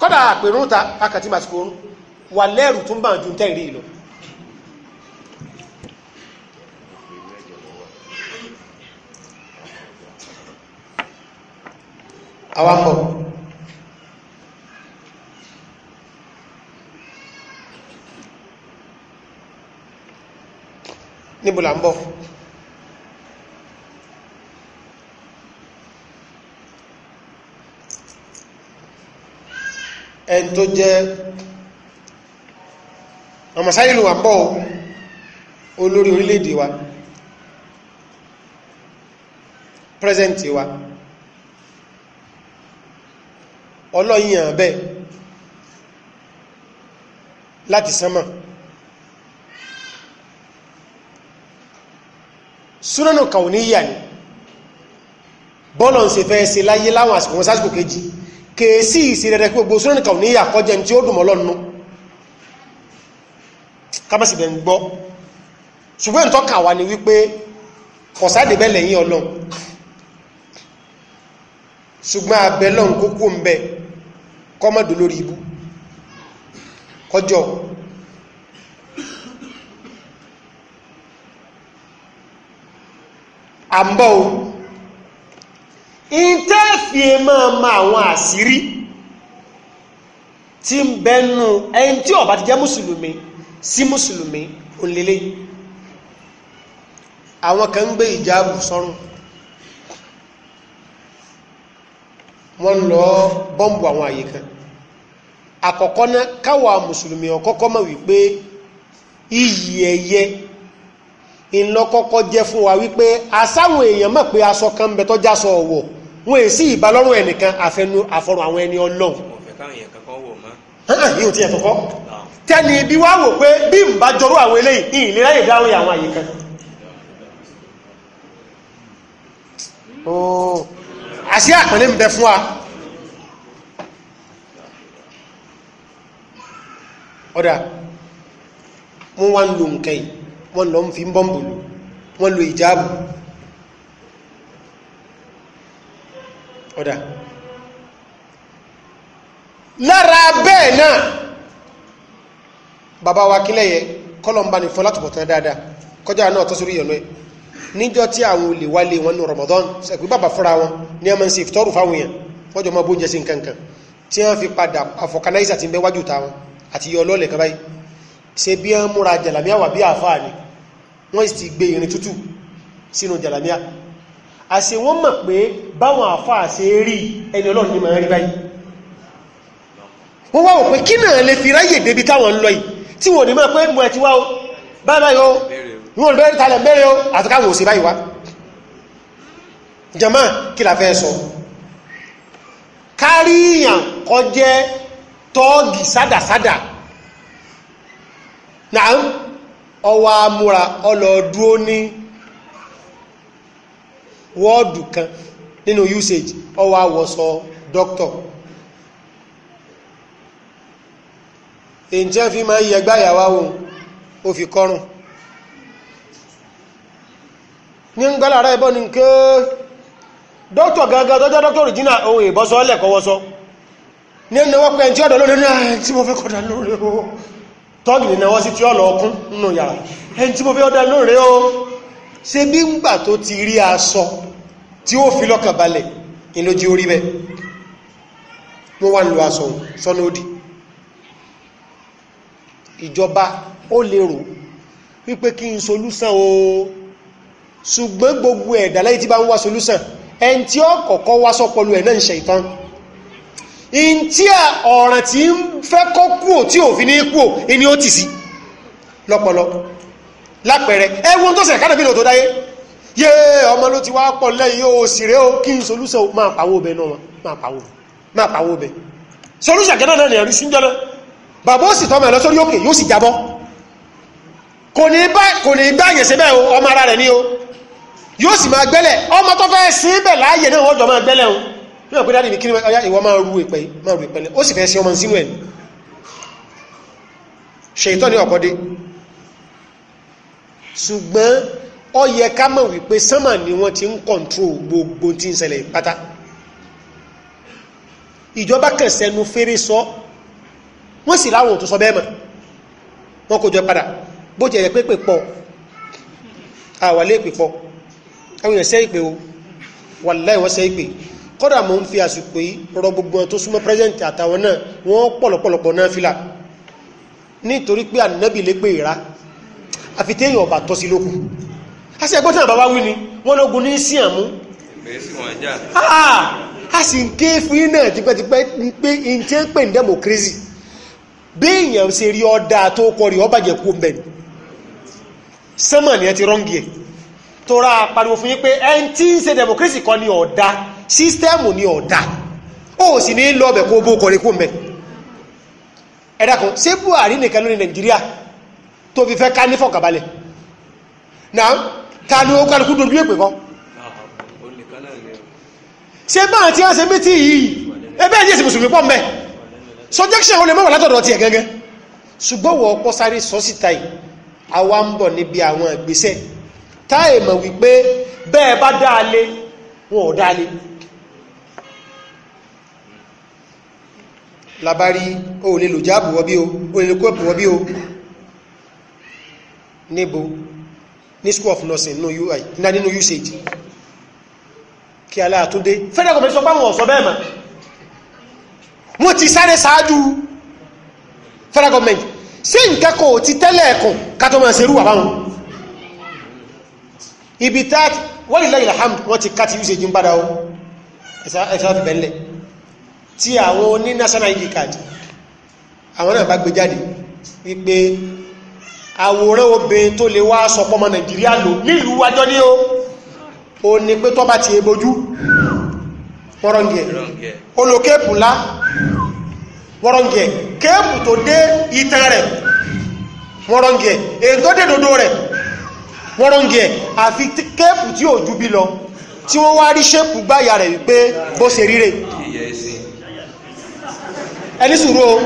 kọ́dà àpèrún ta akàtìmàsíkò wà lẹ́rù tó ń bà ń tẹ́rì lọ awakọ̀ níbo là ń bọ̀ ẹni tó jẹ́ ọmọ sáyé ló wà ń bọ̀ olórí orílẹ̀-èdè wa pírẹ́sẹ̀ntì wa. President, ọlọ́yìn bẹ́ẹ̀ láti sánmà súnánù kàuníyà ni bọ́lọ̀ ń ṣe fẹ́ ṣe láyé láwọn àsìkò wọn sásìkò kejì kèèsí ìsìnrẹ̀rẹ̀ pé gbogbo súnánù kàuníyà kọjẹ tí ó dùn mọ́lọ́nu kábàsì bẹ̀ ń gbọ́ ṣùgbọ́n ìtọ́ka wa ni wípé kọ̀sáde bẹ́ẹ̀ lẹ́yìn ọlọ́run ṣùgbọ́n abẹ́lọ́run kókó ń bẹ́ẹ̀ kọ́mọ̀dù lórí ibú kọjọ́ àmbọ́ o ìtẹ́fìẹ́ máa ma àwọn àṣírí tí ń bẹnu ẹni tí ó bá ti jẹ́ mùsùlùmí sí mùsùlùmí òlélé àwọn kan ń gbé ìjáàbù sọ́rùn wọ́n lọ bọ́m̀bù àwọn àyè kan àkọ́kọ́ na káwa mùsùlùmí ọ̀kọ́kọ́ mọ̀ wípé iyì ẹ̀yẹ ìlọ́kọ́kọ́ jẹ́ fún wa wípé asáwọn èèyàn mọ̀ pé aṣọ kan ń bẹ ọwọ ọ̀wọ̀ wọn è sí ìbálọ́rùn ẹnìkan àfẹnu àfọrùn àwọn ẹni ibi wá wò pé bí n bá jọrú àwọn eléyìí ìlera àwọn àyè kan. fún wa. ọ̀dà wọ́n wá ń lo nǹkan yìí wọ́n lọ ń fi bọ́m̀bù lò wọ́n lo ìjáàbù ọ̀dà lára bẹ́ẹ̀ náà bàbá wa kílẹ̀ yẹ kọ́lọ̀mbà ní fọ́lá tọ̀pọ̀tán dáadáa kọjá náà tọ́ sórí ìyọ̀nú níjọ́ tí àwọn olè wálé wọn ní Ramadan sẹ́kù bàbá fúnra wọn ní a máa ń ṣe ìfitọ́rù fáwọn èèyàn wọ́n jọ máa bóúnjẹ sí nǹkan kan tí wọ́n fi padà àfọ̀kanáísà ti ń bẹ́ wájú ta wọn àti yọ ọlọ́lẹ̀ kan báyìí ṣe bí wọ́n múra jàlámíà wà bí àfáà ni wọ́n sì ti gbé irin tútù sínú jàlámíà àṣẹ wọ́n mọ̀ pé báwọn àfáà ṣe rí ẹni ọlọ́run ní máa rí báyìí wọ́n wá wò pé kí náà lè fi ráyè débi táwọn ń lọ yìí tí wọ́n ní máa pé mọ̀ ẹ̀ ti kọjẹ́ tọ́ọ̀gì sádàsádà náà ọwọ́ amúra ọlọ́ọ̀dúró ní wọ́ọ̀dù kan nínú usage ọwọ́ àwọ̀sọ dókítọ̀ ǹjẹ́ fi máa ń yẹ gbáyàwá wọn ó fi kọrùn ní ń gbálára ẹbọ́ ní kí dókítọ̀ gangan tọ́jọ́ dókítọ̀ regina ohun ìbọ́sọ́ lẹ́kọ̀ọ́wọ́sọ́ ní ẹnàwọ́ pẹ́ tí ọ̀dọ̀ lórí ah, náà tí mo fẹ́ kọ̀dà lórí o tọ́gì ní náwọ́ sí tí ọ̀lọ̀ ọkún nínú yàrá ẹni tí mo fẹ́ ọ̀dà lórí o ṣe bí ń gbà tó ti rí aṣọ tí ó fi lọ́kàn balẹ̀ ìlójí orí bẹ́ mo wà ń aṣọ sọ́nà òdì ìjọba ó lè rò wípé kí n solúsàn o ṣùgbọ́n gbogbo ẹ̀dà láyé tí bá ń wá solúsàn ẹni tí ó kọ́kọ́ wá sọ́pọ̀lú ẹ̀ náà ń ṣe ìtàn in tí ọ̀ràn tí ń fẹ́ kọ́ kúò tí òfin ní kúò ni ó ti sí lọ́pọ̀lọ́ lápẹẹrẹ ẹwọ́n tó sẹ̀ kánàbí lò tó dáyé yé ọmọ ló ti wá pọ̀ lẹ́yìn ó sì rẹ́ ó kí n solúṣẹ̀ máa pàwó bẹ náà máa pàwó bẹ solúṣẹ̀ gẹ́nà náà nìyàrí sí jọ́nà bàbá ó sì tọ́mọ ẹ̀ lọ sórí òkè yóò sì jábọ́ kò ní bá yẹ̀ sí bẹ́ẹ̀ ọmọ ara rẹ̀ ní o yóò sì máa gbẹ́lẹ̀ ọmọ tó fẹ́ sí bẹ̀ láàyè náà wọ́n jọ máa gbẹ́lẹ̀ o náà pé dáàdì mi kí ni ọyá ìwọ máa ru ìpẹ́ máa ru ìpẹ́lẹ̀ ó sì fẹ́ sí ọmọ sínú ẹ̀ ṣèyítọ́ ní ọ̀kọ́dé ṣùgbọ́n ó yẹ ká mọ̀ wípé sánmà ni wọ́n ti ń kọ̀ǹtró gbogbo tí ń ṣẹlẹ̀ pátá ìjọba kan sẹnu fèrè sọ wọ́n sì láwọn tó sọ bẹ́ẹ̀ mọ̀ wọ́n kò jọ padà bó jẹ́ pé pè pọ̀ àwàlé pè pọ̀ àwọn èèyàn sẹ́ ìpè o wàláì wọ́n sẹ́ ìpè kọ́dà mọ̀ ń fi àsìkò yìí rọ gbogbo ẹ̀ tó súnmọ́ present àtàwọn náà wọ́n pọ̀lọ̀pọ̀lọpọ̀ náà fìlà nítorí pé ànábì lè pè ìrá àfi téèyàn ọ̀bà tọ́ sí lókù àṣẹ ẹgbẹ́ tán bàbá wí ni wọ́n lọ́gun ní sí àmú ah! a sì ń ké fún iná tipẹ́tipẹ́ pé n tí ń pè ní democracy béèyàn ṣe rí ọ̀dà tó kọrí ọ̀bàjẹ́ kú mbẹ́ni sẹ́mọ̀ ni ẹ ti rọ́ǹgì ẹ̀ tó ra pariwo fún yín pé ẹ ti ń ṣe democracy kọ́ ni ọ̀dà sísítẹ́ẹ̀mù ni ọ̀dà ó sì ní lọ ọbẹ̀ kó bó kọrin kó mẹ́ ẹ̀dá kan Buhari nìkan ló ní tó fi fẹ́ ká ní fọ̀kàbalẹ̀ náà ta ni ó kálukú dojú èpè kan ṣé báà tí wọ́n ṣe mítì yìí ẹbẹ́ ẹ̀ ní èsì mùsùlùmí pọ̀ mẹ́ subjection ó lè mọ́wàá látọ̀dọ̀ tiẹ̀ gẹ́gẹ́ ṣùgbọ́n wọ́n ọkọ̀ sáré sọ́sìtà yìí àwa ń bọ̀ níbi àwọn ìgbésẹ̀ táì mọ̀ wípé bẹ́ẹ̀ bá dáa lé wọn ò dáa lé labari o lè lò jáàbù wọ bí o o lè lò kóòpù wọ bí o níbo ní school of nursing nínú ui ní nínú usage kí aláàtúndé federal government sọ páwọn ọ̀sọ̀ bẹ́ẹ̀ mà wọ́n ti sáré ṣáájú federal government ṣé nǹkan kò ti tẹ́lẹ̀ ẹ̀kùn kátó máa ṣerú àbáwọn ibi tá wọ́n lè lẹ́yìn alhamd wọ́n ti ká ti usage ń padà o ẹ̀sà fi bẹ́ẹ̀ tí àwọn oní national id card àwọn náà bá gbé jáde wípé àwòrán obìnrin tó lè wá sọpọ̀ ọmọ nàìjíríà lò nílùú wájọ́ ní o ò ní pé tọ́ba ti ebojú wọ́rọ̀ǹgẹ̀ olókèpù ńlá wọ́rọ̀ǹgẹ̀ kéèpù tó dé itan rẹ̀ wọ́rọ̀ǹgẹ̀ èyí tó dé dodo rẹ̀ wọ́rọ̀ǹgẹ̀ àfi kéèpù tí ò ju bí lọ tí wọ́n wá rí ṣépù gbáyà rẹ̀ wípé bó ṣe ríre ẹni sùúrù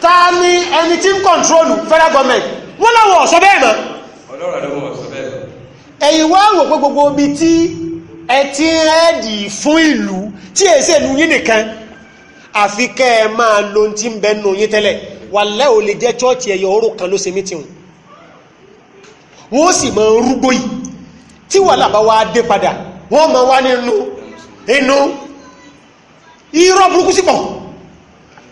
ta ni ẹni tí ń kọ̀ntrólù federal government wọ́n láwọn ọ̀sọ́ bẹ́ẹ̀ mọ́ ẹ̀yìn gbogbo ti ń fún ìlú tí ẹnu yín nìkan àfi kẹ́ lo ti ń bẹ nù yín tẹ́lẹ̀ wàlẹ́ ò lè jẹ́ chọ́ọ̀chì ẹ̀yọ̀ oró kan ló wọ́n sì máa ń rúgbó yìí tí dé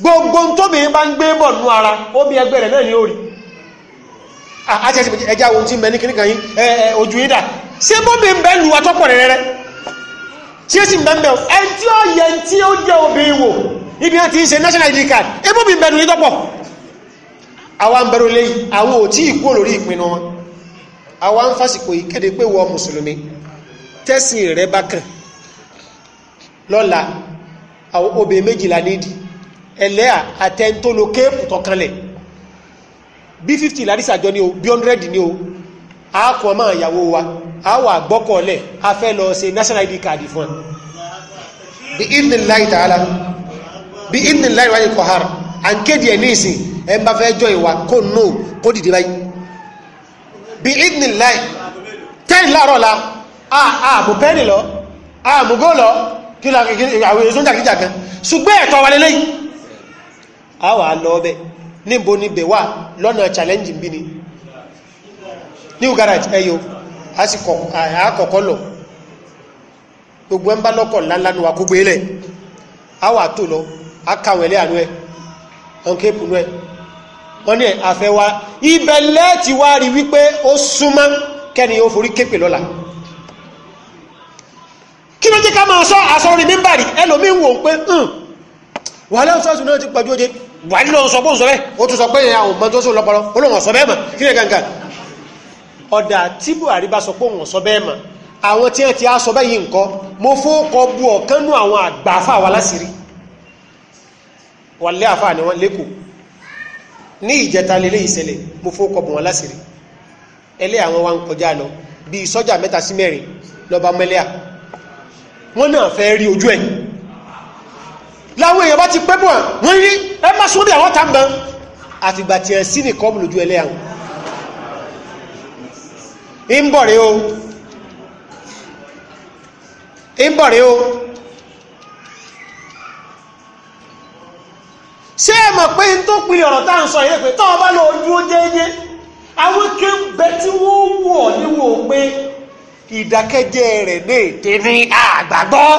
gbogbo tóbìnrin bá ń gbé bọ̀ nú ara ó bí ẹgbẹ́ rẹ̀ náà ní orí àtẹ́sí ẹjá ohun tí ń bẹ ní kíníkan yín ojú yín dà ṣé bóbi ń bẹ lu atọ́pọ̀ rẹ̀ rẹ̀ sì ń bẹ ń tí ó yẹ tí ó jẹ́ obìnrin wò níbi wọn ti ń ṣe national id card ẹ bóbi ń bẹ lu yín tọ́pọ̀ àwa ń bẹ̀rù léyìn àwọn ò tí ì kúrò lórí ìpinnu wọn àwa ń fásitì ìkéde pé wọ mùsùlùmí tẹ́sìn rẹ̀ bá lọ́la àwọn obìnrin méjìlá nídìí ẹlẹ́à àtẹ́ntóló kéèpù tọ́kanlẹ̀ bí 50 larisa jọ ni o bí 100 ni o a kọ máa yàwó wa a wà gbọ́kọ̀ọ́lẹ̀ a fẹ́ lọ ṣe national id card fún wa bí idnillahi ta'ala bí idnillahi wáyé kọ̀ hàrà à ń kéde ẹ̀ ní ìsìn ẹ̀ ń bá fẹ́ jọ ìwà kó nù kó dìde báyìí bí idnillahi tẹ́yìn láàárọ̀ la a àbò pẹ́ẹ́nì lọ àmúgó lọ kí ló àwọn èso ń jà kíjà kan ṣùgbọ́n ẹ̀tọ́ wa lélẹ́yìn a lọ ọbẹ̀ níbo challenge bí ni new garage ẹyọ a sì lọ gbogbo lẹ̀ a tó lọ a kàwẹ̀lẹ́ àánú ẹ̀ ọ̀nkẹ́pù nú ẹ̀ wọ́n ní àfẹ́ wa ibẹ̀ lẹ́ẹ̀tì wá rí wípé ó súnmọ́ kẹ́ni ó forí képè lọ́la kí ló jẹ́ ká máa sọ àsọrin mímbàrí buhari lọ sọ bóun sọ bẹ́ẹ̀ ó tún sọ pé àwọn ọmọ tó sọ lọpọlọ ó lóun bẹ́ẹ̀ mọ̀ kí ni gangan ọ̀dà tí buhari bá sọ pé òun sọ bẹ́ẹ̀ mọ̀ àwọn tí ẹ ti á sọ bẹ́yìí nǹkan mo fóókọ bu ọ̀kan nú àwọn àgbà àfà wa lásìrí wàlẹ́ àfà ni wọ́n lẹ́kọ̀ọ́ ní ìjẹta lélẹ́ ìṣẹ̀lẹ̀ mo fóókọ bu wọn lásìrí ẹlẹ́ àwọn wa ń kọjá lọ bí sọ́jà mẹ́ta sí mẹ́rin lọ́ba mẹ́lẹ́à wọ́n náà fẹ́ rí ojú ẹ̀ láwọn èèyàn bá ti pẹ́ bọ̀ wọ́n rí ẹ má sórí àwọn tá ń bẹ àfìgbà tí ẹ sí nìkan mú lójú ẹlẹ́yà wọn. ń bọ̀ rẹ o ń bọ̀ rẹ o ṣé ẹ mọ̀ pé n tó pinnu ọ̀rọ̀ tá à ń sọ yìí pé tọ́ ọ lọ dúró déédéé àwọn kéńbẹ tí wọ́n wọ̀ níwò pé ìdákẹ́jẹ́ rẹ̀ ní ètè ní àgbàgbọ́.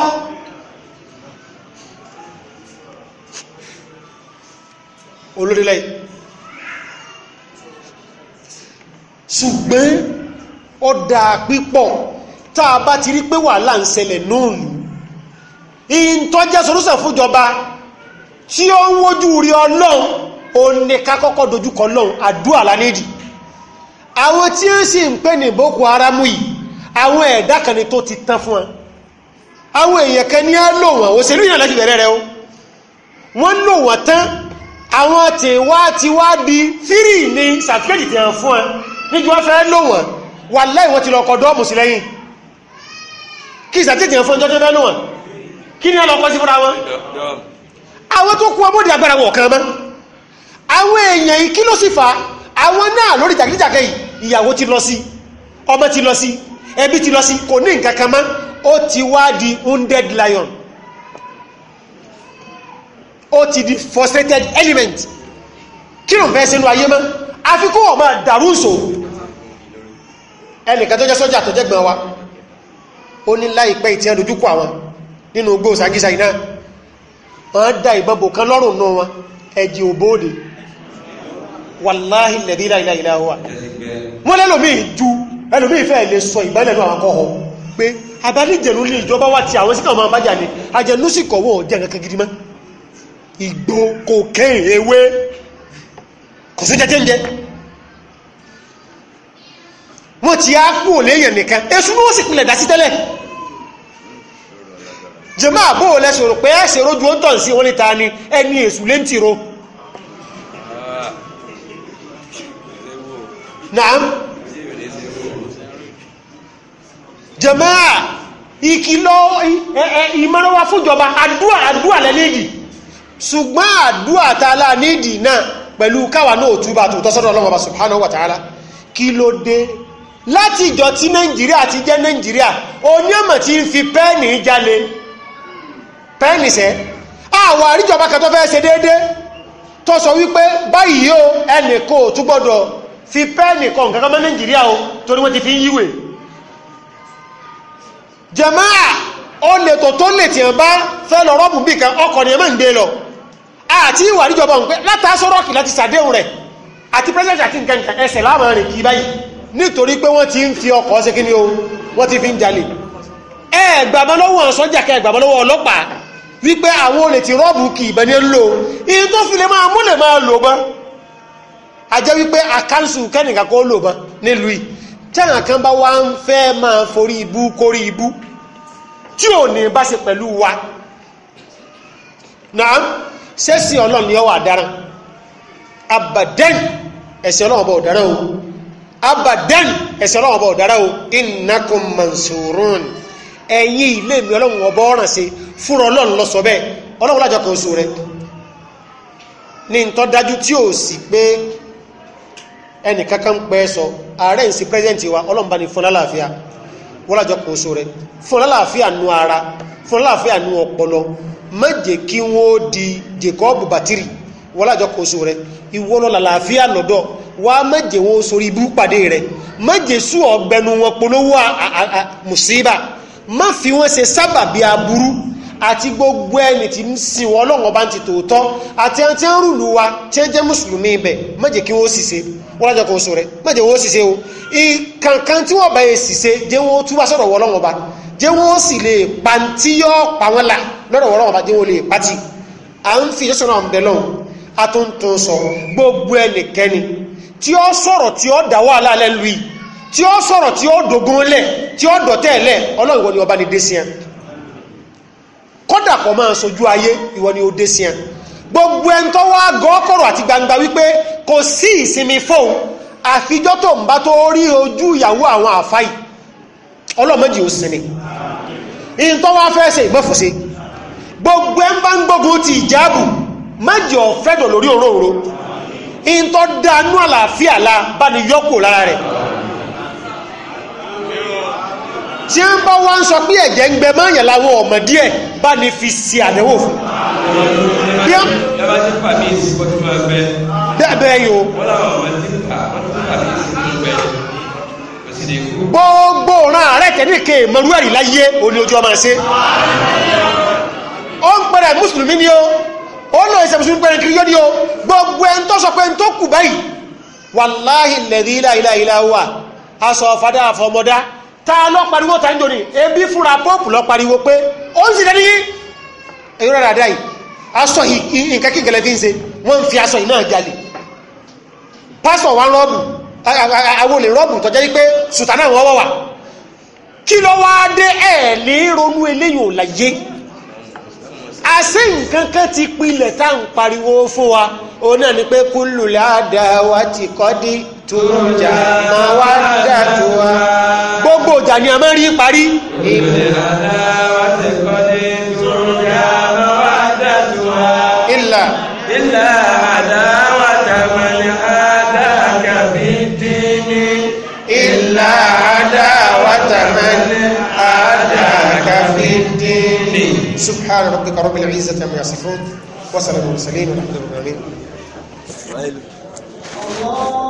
olórílẹ̀ ṣùgbọ́n ó dáa pípọ̀ tá a bá ti rí pé wàhálà ń ṣẹlẹ̀ náà lù ìntọ́jẹ́ solúsẹ̀ fúnjọba tí ó ń wojú rí ọlọ́run ó ní ká kọ́kọ́ dojúkọ ọlọ́run àdúrà lánídì àwọn tí ó sì ń pè ní Boko Haram yìí àwọn ẹ̀dá kan ni tó ti tán fún wọn àwọn èèyàn kan ní á lò wọn òṣèlú ìrìnàlẹ́sì o wọ́n lò àwọn tí wá ti wá di fírì ní sàtífẹ́jì tí wọ́n fún ẹ níjú wọ́n fẹ́ lò wọ́n wà láì wọ́n ti lọ kọ̀dọ́ mùsí lẹ́yìn kí sàtífẹ́jì wọ́n fún jọjọ́ lẹ́nu wọn kí ní ọlọ́pọ̀ sí fúnra wọn àwọn tó kú ọmọdé agbára wọn kan mọ́ àwọn èèyàn yìí kí ló sì fà àwọn náà lórí jàgídíjàkẹ́ yìí ìyàwó ti lọ sí ọmọ ti lọ sí ẹbí ti lọ sí kò ní nǹkan kan mọ́ ó ti wá di wounded lion ó ti di frustrated element kí ló ń fẹ́ sínú ayé mọ́ àfikún ọ̀ máa dàrú sò ẹnìkan tó jẹ́ sọ́jà tó jẹ́gbọ́n wa ó ní láìpẹ́ ìtì ẹnudúkọ àwọn nínú ogbó sàgísà iná wọ́n dá ìbọn bò kan lọ́rùn náà wọn ẹ̀jì òbóde wàláhì lẹ̀dí láìláìlá wà wọ́n lẹ́lòmí ìjú ẹlòmí ìfẹ́ lè sọ ìbálẹ̀lú àwọn akọ́họ pé abálẹ̀jẹ̀lú ní ìjọba wà tí àwọn síkà ọmọ abájà ni àjẹ̀lú sì kọ̀wọ́ jẹ́ nǹkan gidi ìgbó cocaine ewé kò sí jẹjẹ ń jẹ wọ́n ti á kú ò léèyàn nìkan èṣù ni wọ́n sì pinlẹ̀ dá sí tẹ́lẹ̀ jẹ̀mọ́ àbó ò lẹ́sọ̀rọ̀ pé ẹ̀ṣẹ̀ rojú ó ń tàn sí orí ta ni ẹni èṣù lé ń tìro naam jẹ̀mọ́ ìkìlọ̀ ìmọ̀ràn wa fún ìjọba àdúrà àdúrà lẹ́lẹ́dìí ṣùgbọ́n àdúrà tààlà nídìí náà pẹ̀lú káwà náà túbà tó tọ́sọ́dọ̀ ọlọ́wọ́ bá subhanahu wa ta'ala kí ló dé láti ìjọ tí nàìjíríà ti jẹ́ nàìjíríà onímọ̀ tí ń fi pẹ́ẹ̀nì jalè pẹ́ẹ̀nì sẹ́ àwọn àríjọba kan tó fẹ́ ṣe déédé tó sọ wípé báyìí o ẹnì o torí wọ́n ti fi ń yíwè jẹ̀máà ó lè tó tó lè tìǹbá fẹ́ lọ rọ́ọ̀bù bìkan ọkọ̀ ni ẹ̀ máa lọ àti ìwà àríjọba òun pé látàásọ rọ́ọ̀kì láti sàdéhùn rẹ̀ àti president àti nǹkan ẹsẹ̀ láwọn rìn kì í báyìí nítorí pé wọ́n ti ń fi ọkọ̀ ṣe kí ni o wọ́n ti fi ń jalè ẹgbàmọ́lọ́wọ́ sọ́jà kẹ ẹgbàmọ́lọ́wọ́ ọlọ́pàá wípé àwọn olè ti rọ́ọ̀bù kì í bẹ̀ni lò in tó fi lè máa mú lè máa lò bọ́n a jẹ́ wípé wa náà sẹ́sì ọlọ́run yọ wà dáran abadan ẹ̀sẹ̀ ọlọ́run bọ̀ ọ̀dára o abadan ẹ̀sẹ̀ ọlọ́run bọ̀ ọ̀dára o innakum mansurun ẹ̀yin ilé mi ọlọ́run ọba ọ̀ràn ṣe fúnra ọlọ́run lọ sọ bẹ́ẹ̀ ọlọ́run lájọ kan oṣù rẹ ní ntọ́ dájú tí ò sì pé ẹnì kankan ń pẹ́ sọ ààrẹ ń sí pẹ́sẹ́ǹtì wa ọlọ́run bá ní fún lálàáfíà wọ́n lájọ kan oṣù rẹ fún lálàáfíà nu ara fún lálàáfíà nu ọpọlọ má jẹ́ kí wọ́n di jacob batiri wọ́n lájọ kò so rẹ ìwọ lọ làlàáfíà lọ́dọ̀ wà á má jẹ́ wọ́n sórí ibú pàdé rẹ má jẹ́ sùn ọ̀gbẹ́nu wọn polówó mùsíbà má fi wọ́n ṣe sábàbí aburú àti gbogbo ẹni tí ń sin wọn lọ́wọ́ bá ń ti tòótọ́ àti ẹni tí ń rùlù wa tí ń jẹ́ mùsùlùmí ibẹ̀ má jẹ́ kí wọ́n sì ṣe wọ́n kò so rẹ má jẹ́ wọ́n sì ṣe o ìkànkan tí wọ́n bá yẹ sì ṣe jẹ́ wọ́n túbọ̀ sọ̀rọ̀ wọ́n lọ́wọ́ bá jẹ́ wọ́n sì lè pàǹtí yọ́ pa wọ́n là lọ́dọ̀ wọ́n ọba jẹ́ wọ́n lè pàtì à ń fi ìjọsìn náà bẹ̀ lọ́hùn a tó ń tó sọ gbogbo ẹnikẹ́ni tí ó sọ̀rọ̀ tí ó dà wàhálà lẹ́ yìí tí ó sọ̀rọ̀ tí ó dògún lẹ̀ tí ó dọ̀tẹ́ lẹ̀ ọlọ́run ìwọ ni ọba ni dé sí ẹ kódà kọ́ máa sojú ayé ìwọ ni ó dé sí ẹ gbogbo ẹni tó wá gọ́kọ̀rọ̀ àti gbangba wípé kò sí ìsinmi fóun àfijọ́ tó ń bá tó rí ojú ìyàwó àwọn àfáì ọlọ́mọdì ò sinmi in tó wá fẹ́ ṣe ìmọ́fòsí gbogbo ẹ ń bá ń gbógun ti ìjáàbù mẹ́jọ fẹ́dọ̀ lórí òróòró in tó dánú àlàáfíà la bá ní yọ́kù lára rẹ̀ tí ń bá wá ń sọ pé ẹ̀jẹ̀ ń gbẹ mọ́yàn láwọn ọmọ díẹ̀ bá ní fi ṣe àdẹ́wò fún bẹ́ẹ̀ bẹ́ẹ̀ yìí gbogbo ọ̀ràn ààrẹ tẹ̀léèké mọ̀rú ẹ̀rí láyé òní ojú ọmọ ṣe ó ń pẹ̀rẹ̀ mùsùlùmí ni ó ó lọ ìṣẹ̀ mùsùlùmí pẹ̀rẹ̀ kiri yóò ni ó gbogbo ẹni tó sọ pé ń tó kù báyìí wàláhì lẹ́rí a lọ pariwo ta ń jòní ebi fúnra pọ́ọ̀pù lọ pariwo pé ó ń sì dẹ́ni èyí rẹ̀ dáadáa yìí aṣọ fi ń ṣe wọ́n ń fi aṣọ àwọn olè rọ́ọ̀bù tọ́jẹ́ wípé sùtánà wọ́n wọ́wà kí ló wá dé ẹ̀ lè ronú eléyìí ò láyé àṣé nǹkan kan ti pilẹ̀ tá à pariwo fún wa òun náà ni pé kúlù ládàá wa ti kọ́ dí tòròjà máa wá dàtò wa gbogbo ìjà ni a máa rí parí. ilà. ilà. سبحان ربك رب العزة عما يصفون وصلى المرسلين والحمد لله طيب. الله